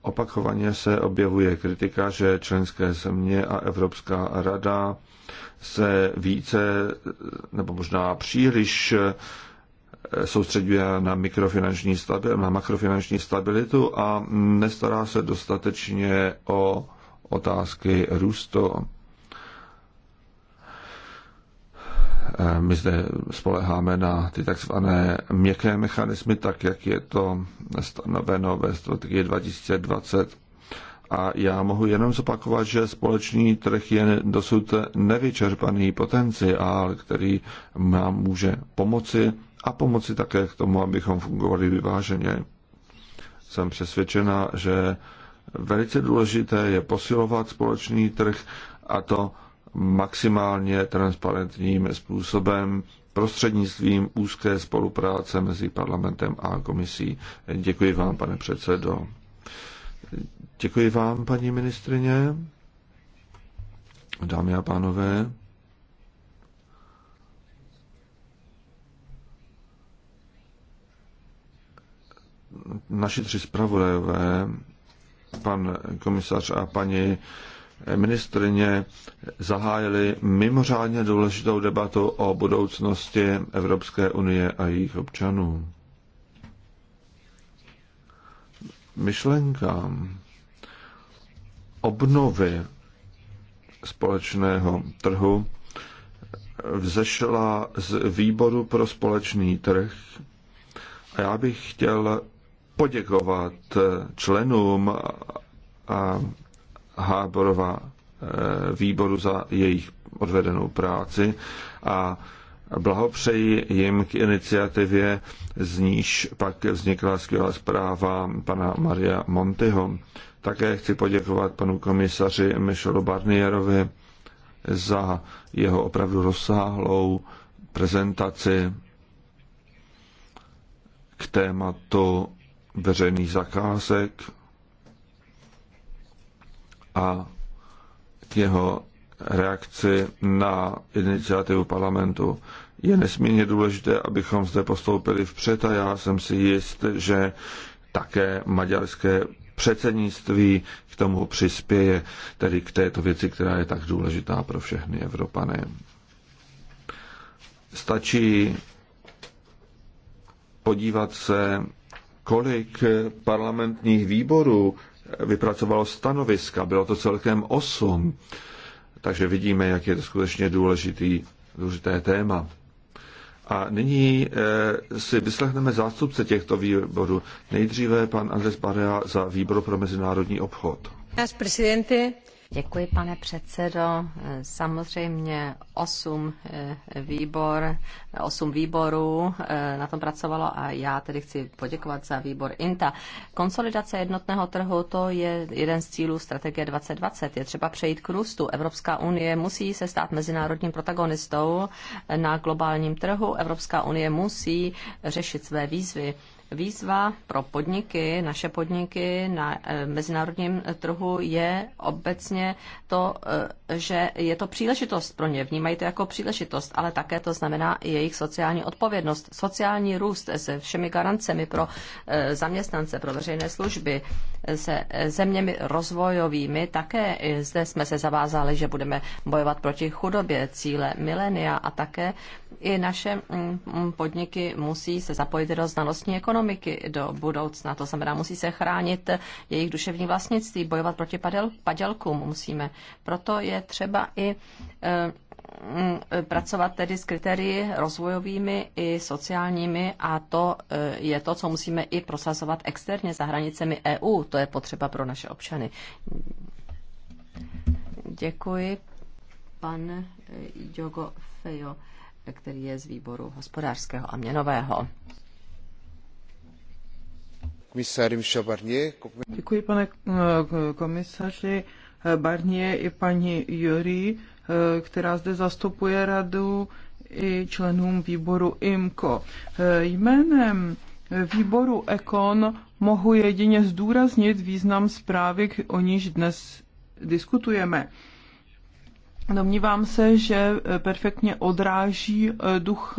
Opakovaně se objevuje kritika, že členské země a Evropská rada se více nebo možná příliš eh, soustředuje na mikrofinanční stabilitu, na makrofinanční stabilitu a nestará se dostatečně o otázky růstu. Eh, my zde spoleháme na ty takzvané měkké mechanismy, tak jak je to stanoveno ve strategii 2020. A já mohu jenom zopakovat, že společný trh je dosud nevyčerpaný potenciál, který nám může pomoci a pomoci také k tomu, abychom fungovali vyváženě. Jsem přesvědčena, že velice důležité je posilovat společný trh a to maximálně transparentním způsobem prostřednictvím úzké spolupráce mezi parlamentem a komisí. Děkuji vám, pane předsedo. Děkuji vám, paní ministrině. Dámy a pánové, naši tři zpravodajové, pan komisař a paní ministrně zahájili mimořádně důležitou debatu o budoucnosti Evropské unie a jejich občanů. Myšlenka obnovy společného trhu vzešla z výboru pro společný trh a já bych chtěl poděkovat členům a Háborová eh, výboru za jejich odvedenou práci a blahopřeji jim k iniciativě, z níž pak vznikla skvělá zpráva pana Maria Montyho. Také chci poděkovat panu komisaři Michelu Barnierovi za jeho opravdu rozsáhlou prezentaci k tématu veřejných zakázek a k jeho reakci na iniciativu parlamentu. Je nesmírně důležité, abychom zde postoupili vpřed a já jsem si jist, že také maďarské předsednictví k tomu přispěje, tedy k této věci, která je tak důležitá pro všechny Evropané. Stačí podívat se, kolik parlamentních výborů vypracovalo stanoviska, bylo to celkem osm, takže vidíme, jak je to skutečně důležitý, důležité téma. A nyní e, si vyslechneme zástupce těchto výborů. Nejdříve pan Andres Barea za výbor pro mezinárodní obchod. Pane Děkuji, pane předsedo. Samozřejmě osm eh, výbor, osm výborů eh, na tom pracovalo a já tedy chci poděkovat za výbor INTA. Konsolidace jednotného trhu, to je jeden z cílů strategie 2020. Je třeba přejít k růstu. Evropská unie musí se stát mezinárodním protagonistou na globálním trhu. Evropská unie musí řešit své výzvy Výzva pro podniky, naše podniky na eh, mezinárodním trhu je obecně to, eh, že je to příležitost pro ně, vnímají to jako příležitost, ale také to znamená i jejich sociální odpovědnost, sociální růst se všemi garancemi pro eh, zaměstnance, pro veřejné služby, se zeměmi rozvojovými. Také zde jsme se zavázali, že budeme bojovat proti chudobě, cíle milénia a také i naše mm, podniky musí se zapojit do znalostní ekonomiky ekonomiky do budoucna. To znamená, musí se chránit jejich duševní vlastnictví, bojovat proti padel, padělkům musíme. Proto je třeba i eh, mm, pracovat tedy s kritérii rozvojovými i sociálními a to eh, je to, co musíme i prosazovat externě za hranicemi EU. To je potřeba pro naše občany. Děkuji. Pan eh, Jogo Fejo, který je z výboru hospodářského a měnového. Děkuji, pane eh, komisaři Barnier i paní Jury, eh, která zde zastupuje radu i členům výboru IMCO. Eh, jménem výboru ECON mohu jedině zdůraznit význam zprávy, o níž dnes diskutujeme. Domnívám se, že perfektně odráží duch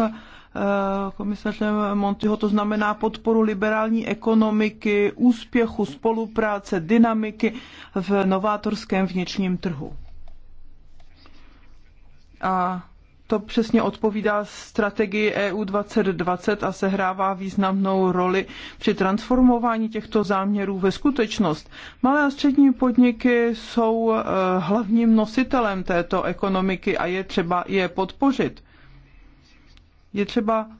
Eh, komisaře Montiho, to znamená podporu liberální ekonomiky, úspěchu, spolupráce, dynamiky v novátorském vnitřním trhu. A to přesně odpovídá strategii EU 2020 a sehrává významnou roli při transformování těchto záměrů ve skutečnost. Malé a střední podniky jsou eh, hlavním nositelem této ekonomiky a je třeba je podpořit je třeba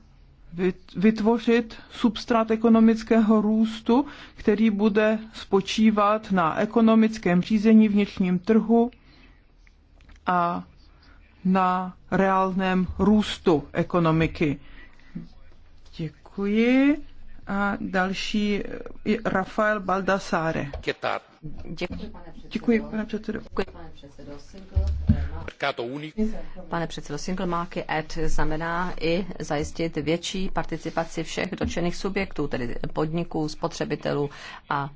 vytvořit substrát ekonomického růstu, který bude spočívat na ekonomickém řízení vnitřním trhu a na reálném růstu ekonomiky. Děkuji. A další Rafael Baldassare. Ketat. Děkuji, pane předsedo. Děkuji, pane předsedo. Single, Pane předsedo, Single Market Act znamená i zajistit větší participaci všech dotčených subjektů, tedy podniků, spotřebitelů a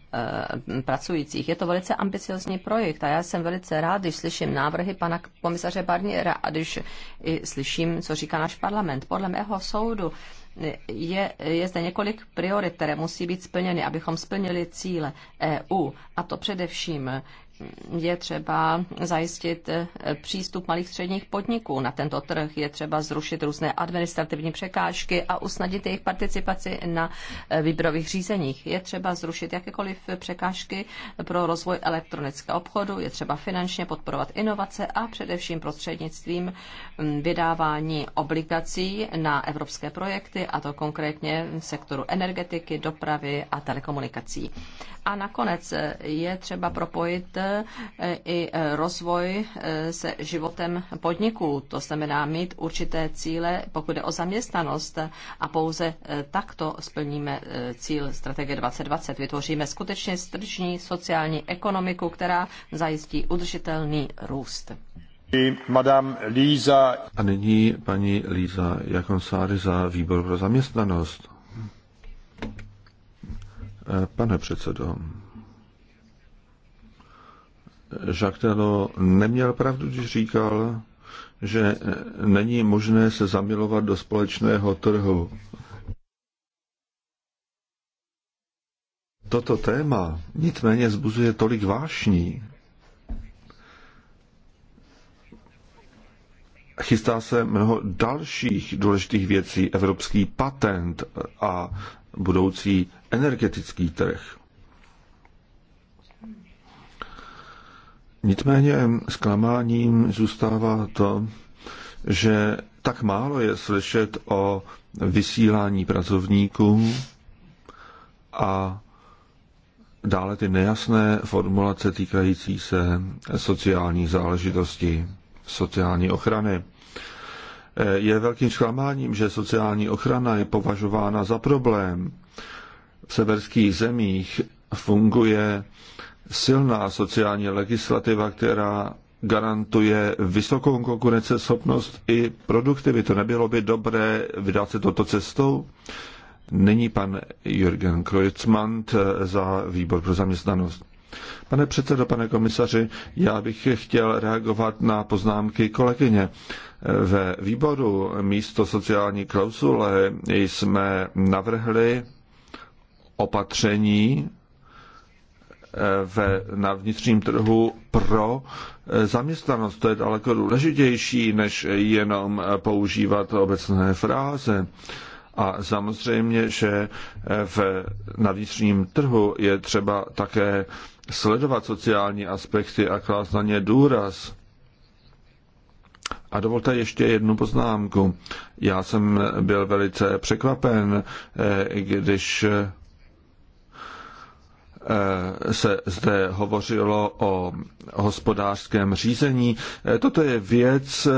e, pracujících. Je to velice ambiciozní projekt a já jsem velice rád, když slyším návrhy pana komisaře Barniera a když i slyším, co říká náš parlament. Podle mého soudu je, je zde několik priorit, které musí být splněny, abychom splnili cíle EU. A to to především je třeba zajistit eh, přístup malých středních podniků na tento trh, je třeba zrušit různé administrativní překážky a usnadnit jejich participaci na eh, výběrových řízeních. Je třeba zrušit jakékoliv překážky pro rozvoj elektronického obchodu, je třeba finančně podporovat inovace a především prostřednictvím mm, vydávání obligací na evropské projekty, a to konkrétně v sektoru energetiky, dopravy a telekomunikací. A nakonec eh, je třeba propojit i e, rozvoj e, se životem podniků. To znamená mít určité cíle, pokud je o zaměstnanost a pouze e, takto splníme cíl strategie 2020. Vytvoříme skutečně tržní sociální ekonomiku, která zajistí udržitelný růst. Líza... A nyní paní Líza Jakonsáry za výbor pro zaměstnanost. Pane předsedo, Jacques Delo neměl pravdu, když říkal, že není možné se zamilovat do společného trhu. Toto téma nicméně zbuzuje tolik vášní. Chystá se mnoho dalších důležitých věcí, evropský patent a budoucí energetický trh. Nicméně zklamáním zůstává to, že tak málo je slyšet o vysílání pracovníků a dále ty nejasné formulace týkající se sociální záležitosti, sociální ochrany. Je velkým zklamáním, že sociální ochrana je považována za problém. V severských zemích funguje silná sociální legislativa, která garantuje vysokou konkurenceschopnost i produktivitu. Nebylo by dobré vydat se toto cestou? Není pan Jürgen Kreuzmann za výbor pro zaměstnanost. Pane předsedo, pane komisaři, já bych chtěl reagovat na poznámky kolegyně. Ve výboru místo sociální klausule. jsme navrhli opatření, v, na vnitřním trhu pro eh, zaměstnanost. To je daleko důležitější, než jenom používat obecné fráze. A samozřejmě, že eh, v, na vnitřním trhu je třeba také sledovat sociální aspekty a klást na ně důraz. A dovolte ještě jednu poznámku. Já jsem byl velice překvapen, eh, když Eh, se zde hovořilo o hospodářském řízení. Eh, toto je věc, eh,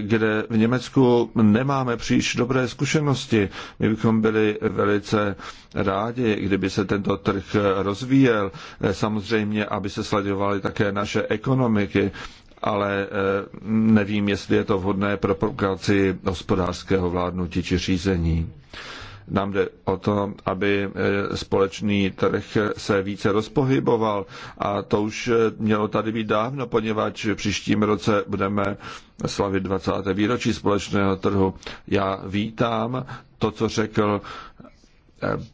kde v Německu nemáme příliš dobré zkušenosti. My bychom byli velice rádi, kdyby se tento trh rozvíjel. Samozřejmě, aby se sladěvaly také naše ekonomiky ale nevím, jestli je to vhodné pro propagaci hospodářského vládnutí či řízení. Nám jde o to, aby eh, společný trh se více rozpohyboval a to už eh, mělo tady být dávno, poněvadž v příštím roce budeme slavit 20. výročí společného trhu. Já vítám to, co řekl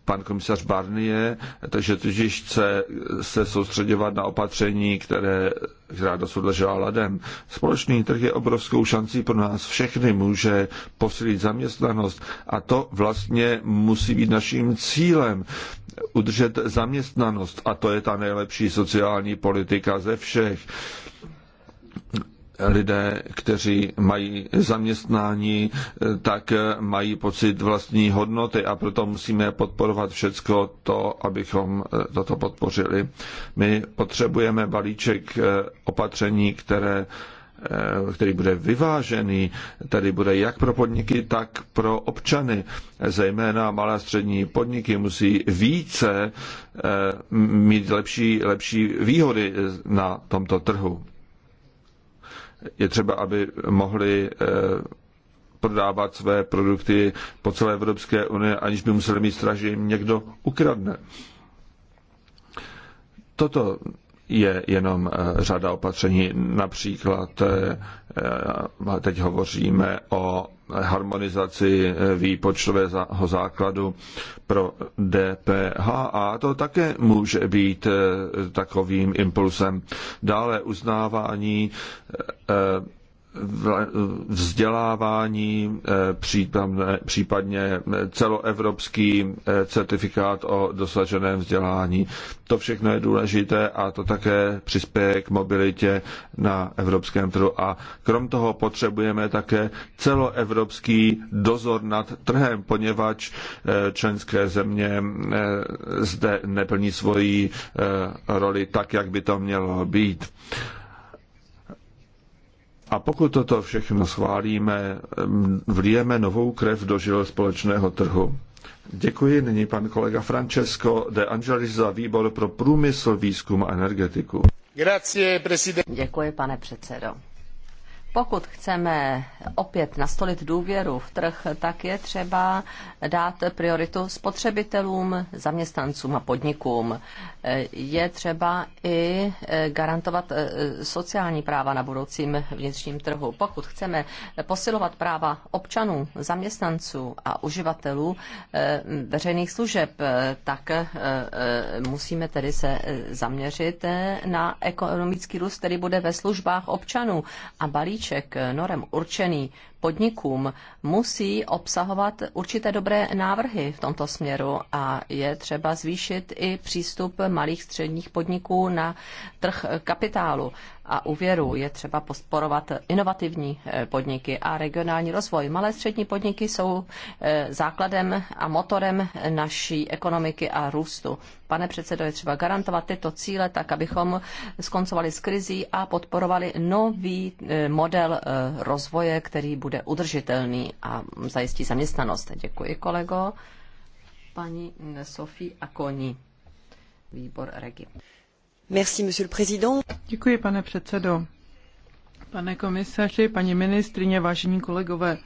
pan komisař Barnier, takže totiž chce se soustředovat na opatření, které, která dosud ležela ladem. Společný trh je obrovskou šancí pro nás všechny, může posílit zaměstnanost a to vlastně musí být naším cílem udržet zaměstnanost a to je ta nejlepší sociální politika ze všech lidé, kteří mají zaměstnání, tak mají pocit vlastní hodnoty a proto musíme podporovat všecko to, abychom eh, toto podpořili. My potřebujeme balíček eh, opatření, které eh, který bude vyvážený, tedy bude jak pro podniky, tak pro občany. Zejména malé a střední podniky musí více mít lepší, lepší výhody na tomto trhu je třeba, aby mohli eh, prodávat své produkty po celé Evropské unii, aniž by museli mít strach, že jim někdo ukradne. Toto je jenom eh, řada opatření. Například eh, teď hovoříme o harmonizaci eh, výpočtového základu pro DPH a to také může být eh, takovým impulsem. Dále uznávání eh, Eh, vzdělávání, eh, případně celoevropský eh, certifikát o dosaženém vzdělání. To všechno je důležité a to také přispěje k mobilitě na evropském trhu. A krom toho potřebujeme také celoevropský dozor nad trhem, poněvadž členské země zde neplní svoji roli tak, jak by to mělo být. A pokud toto všechno schválíme, vlijeme novou krev do žil společného trhu. Děkuji nyní pan kolega Francesco de Angelis za výbor pro průmysl, výzkum a energetiku. Grazie, Děkuji, pane předsedo. Pokud chceme opět nastolit důvěru v trh, tak je třeba dát prioritu spotřebitelům, zaměstnancům a podnikům. Je třeba i garantovat eh, sociální práva na budoucím vnitřním trhu. Pokud chceme posilovat práva občanů, zaměstnanců a uživatelů eh, veřejných služeb, eh, tak musíme tedy se zaměřit na ekonomický růst, který bude ve službách občanů a balíček balíček norem určený podnikům musí obsahovat určité dobré návrhy v tomto směru a je třeba zvýšit i přístup malých středních podniků na trh kapitálu a úvěrů Je třeba posporovat inovativní eh, podniky a regionální rozvoj. Malé střední podniky jsou eh, základem a motorem naší ekonomiky a růstu. Pane předsedo, je třeba garantovat tyto cíle tak, abychom skoncovali s krizí a podporovali nový eh, model rozvoje, který bude udržitelný a zajistí zaměstnanost. Děkuji, kolego. Paní Sofie Akoni, výbor Regi monsieur le président. pane předsedo. Pane komisaři, paní ministryně vážení kolegové,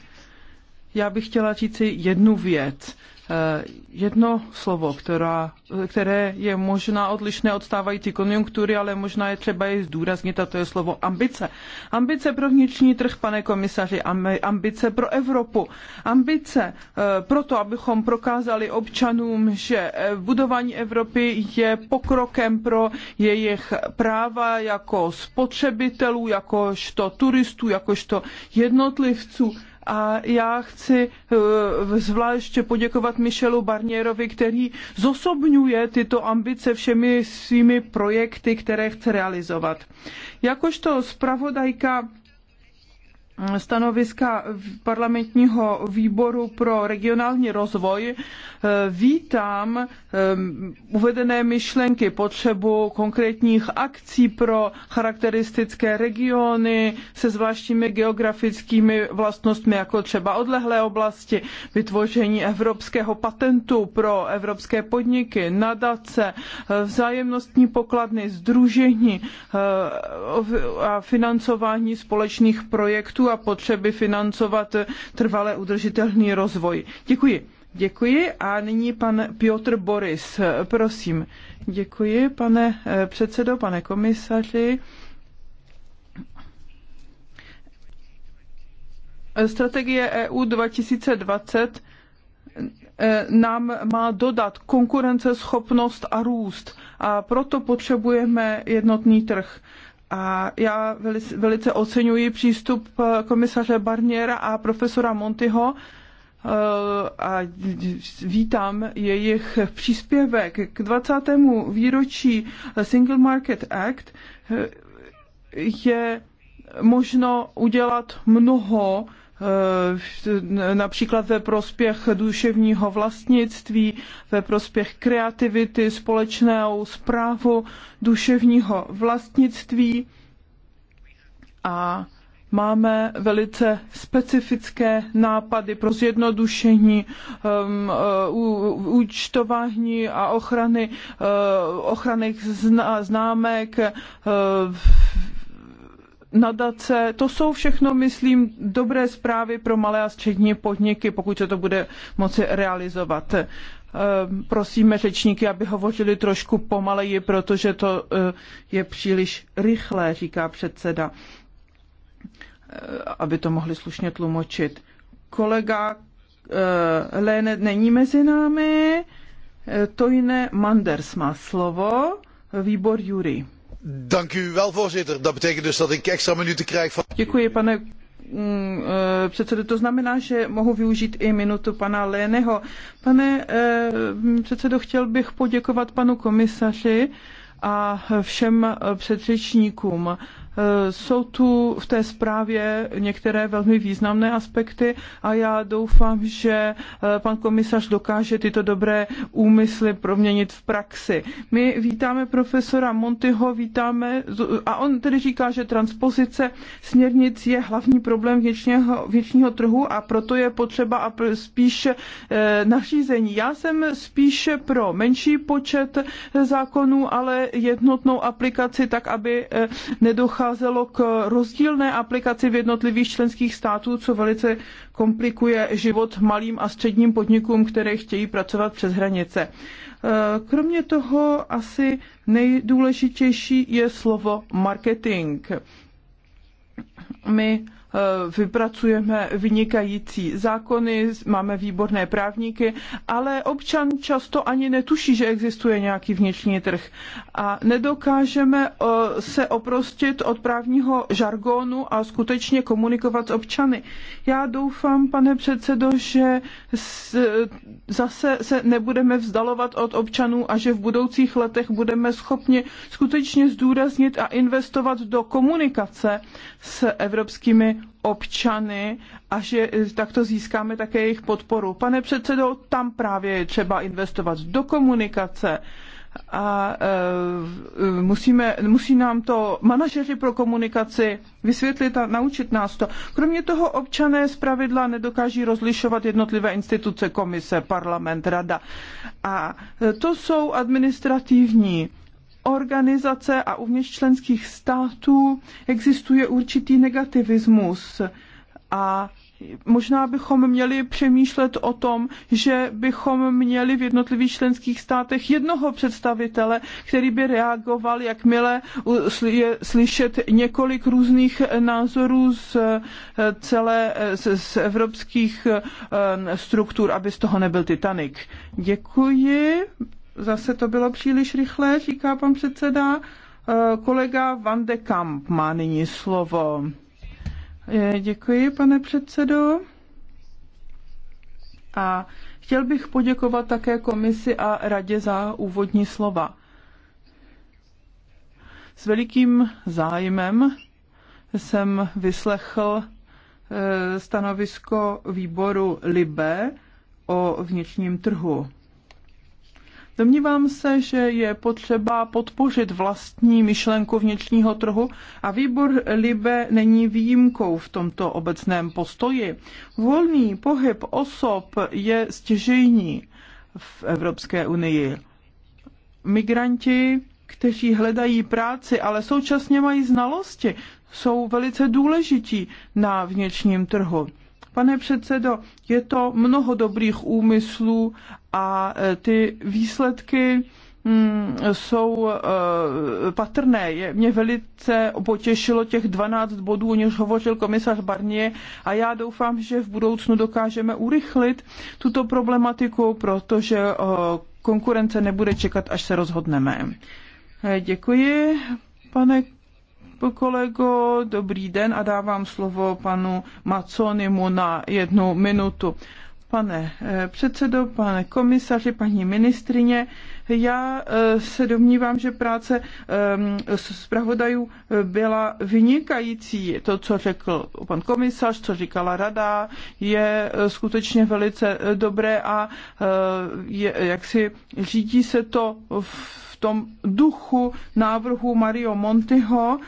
já bych chtěla říci jednu věc. Eh, jedno slovo, která, které je možná odlišné od stávající konjunktury, ale možná je třeba i zdůraznit, a to je slovo ambice. Ambice pro vnitřní trh, pane komisaři, ambice pro Evropu, ambice eh, pro to, abychom prokázali občanům, že eh, budování Evropy je pokrokem pro jejich práva jako spotřebitelů, jakožto turistů, jakožto jednotlivců a já chci eh, zvláště poděkovat Michelu Barnierovi, který zosobňuje tyto ambice všemi svými projekty, které chce realizovat. Jakožto zpravodajka stanoviska parlamentního výboru pro regionální rozvoj eh, vítám eh, uvedené myšlenky, potřebu konkrétních akcí pro charakteristické regiony se zvláštními geografickými vlastnostmi, jako třeba odlehlé oblasti, vytvoření evropského patentu pro evropské podniky, nadace, eh, vzájemnostní pokladny, združení a financování společných projektů a potřeby financovat trvale udržitelný rozvoj. Děkuji. Děkuji a nyní pan Piotr Boris, prosím. Děkuji, pane eh, předsedo, pane komisaři. Strategie EU 2020 eh, nám má dodat konkurenceschopnost a růst a proto potřebujeme jednotný trh. A já velice oceňuji přístup eh, komisaře Barniera a profesora Montyho eh, a vítám jejich příspěvek k 20. výročí Single Market Act eh, je možno udělat mnoho Eh, například ve prospěch duševního vlastnictví, ve prospěch kreativity, společnou zprávu duševního vlastnictví a máme velice specifické nápady pro zjednodušení um, uh, účtování a ochrany, uh, ochrany zna- známek, uh, nadace. To jsou všechno, myslím, dobré zprávy pro malé a střední podniky, pokud se to bude moci realizovat. Eh, prosíme řečníky, aby hovořili trošku pomaleji, protože to eh, je příliš rychlé, říká předseda, eh, aby to mohli slušně tlumočit. Kolega Lene není mezi námi, Tojne Manders má slovo, výbor Jury voorzitter dat betekent dus dat ik extra minuten krijg van. Děkuji, pane mm, eh, předsedo, to znamená, že mohu využít i minutu pana Léneho. Pane eh, předsedo, chtěl bych poděkovat panu komisaři a všem eh, předřečníkům. Eh, jsou tu v té zprávě některé velmi významné aspekty a já doufám, že eh, pan komisař dokáže tyto dobré úmysly proměnit v praxi. My vítáme profesora Montyho, vítáme, a on tedy říká, že transpozice směrnic je hlavní problém věčního, věčního trhu a proto je potřeba spíše eh, nařízení. Já jsem spíše pro menší počet zákonů, ale jednotnou aplikaci tak, aby nedocházelo docházelo k rozdílné aplikaci v jednotlivých členských států, co velice komplikuje život malým a středním podnikům, které chtějí pracovat přes hranice. Eh, kromě toho asi nejdůležitější je slovo marketing. My Eh, vypracujeme vynikající zákony, máme výborné právníky, ale občan často ani netuší, že existuje nějaký vnitřní trh. A nedokážeme eh, se oprostit od právního žargonu a skutečně komunikovat s občany. Já doufám, pane předsedo, že zase se nebudeme vzdalovat od občanů a že v budoucích letech budeme schopni skutečně zdůraznit a investovat do komunikace s evropskými občany a že takto získáme také jejich podporu. Pane předsedo, tam právě je třeba investovat do komunikace a e, musíme, musí nám to manažeři pro komunikaci vysvětlit a naučit nás to. Kromě toho občané z pravidla nedokáží rozlišovat jednotlivé instituce, komise, parlament, rada. A to jsou administrativní organizace a uvnitř členských států existuje určitý negativismus a možná bychom měli přemýšlet o tom, že bychom měli v jednotlivých členských státech jednoho představitele, který by reagoval, jakmile je slyšet několik různých názorů z celé z, z evropských eh, struktur, aby z toho nebyl Titanic. Děkuji. Zase to bylo příliš rychlé, říká pan předseda. Eh, kolega Van de Kamp má nyní slovo. Děkuji, pane předsedo. A chtěl bych poděkovat také komisi a radě za úvodní slova. S velikým zájmem jsem vyslechl eh, stanovisko výboru LIBE o vnitřním trhu. Domnívám se, že je potřeba podpořit vlastní myšlenku vnitřního trhu a výbor Libe není výjimkou v tomto obecném postoji. Volný pohyb osob je stěžejní v Evropské unii. Migranti, kteří hledají práci, ale současně mají znalosti, jsou velice důležití na vnitřním trhu. Pane předsedo, je to mnoho dobrých úmyslů a e, ty výsledky mm, jsou e, patrné. mě velice potěšilo těch 12 bodů, o něž hovořil komisař Barnier a já doufám, že v budoucnu dokážeme urychlit tuto problematiku, protože e, konkurence nebude čekat, až se rozhodneme. Děkuji, pane kolego, dobrý den a dávám slovo panu Maconimu na jednu minutu. Pane eh, předsedo, pane komisaři, paní ministrině, já eh, se domnívám, že práce ehm, zpravodajů eh, byla vynikající. To, co řekl pan komisař, co říkala rada, je skutečně velice dobré a je, jak si řídí se to v tom duchu návrhu Mario Montiho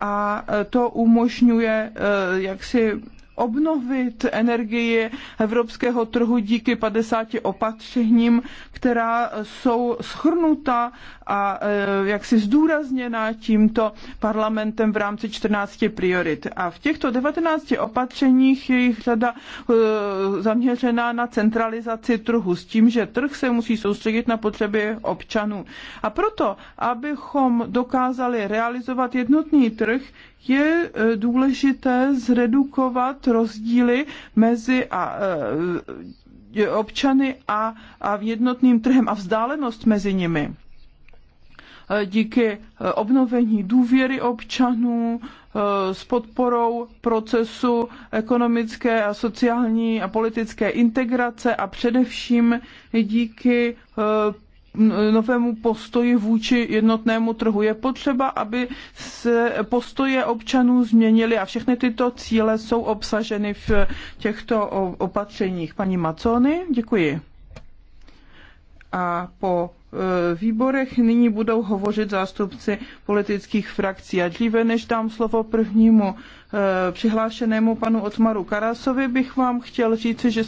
a to umožňuje eh, jaksi obnovit energii evropského trhu díky 50 opatřením, která jsou schrnuta a e, jaksi zdůrazněna tímto parlamentem v rámci 14 priorit. A v těchto 19 opatřeních je jich řada e, zaměřená na centralizaci trhu s tím, že trh se musí soustředit na potřeby občanů. A proto, abychom dokázali realizovat jednotný trh, je e, důležité zredukovat rozdíly mezi a, e, občany a, a v jednotným trhem a vzdálenost mezi nimi. E, díky obnovení důvěry občanů s podporou procesu ekonomické a sociální a politické integrace a především díky novému postoji vůči jednotnému trhu. Je potřeba, aby se postoje občanů změnily a všechny tyto cíle jsou obsaženy v těchto opatřeních. Paní Macony, děkuji. A po e, výborech nyní budou hovořit zástupci politických frakcí. A dříve než dám slovo prvnímu e, přihlášenému panu Otmaru Karasovi, bych vám chtěl říci, že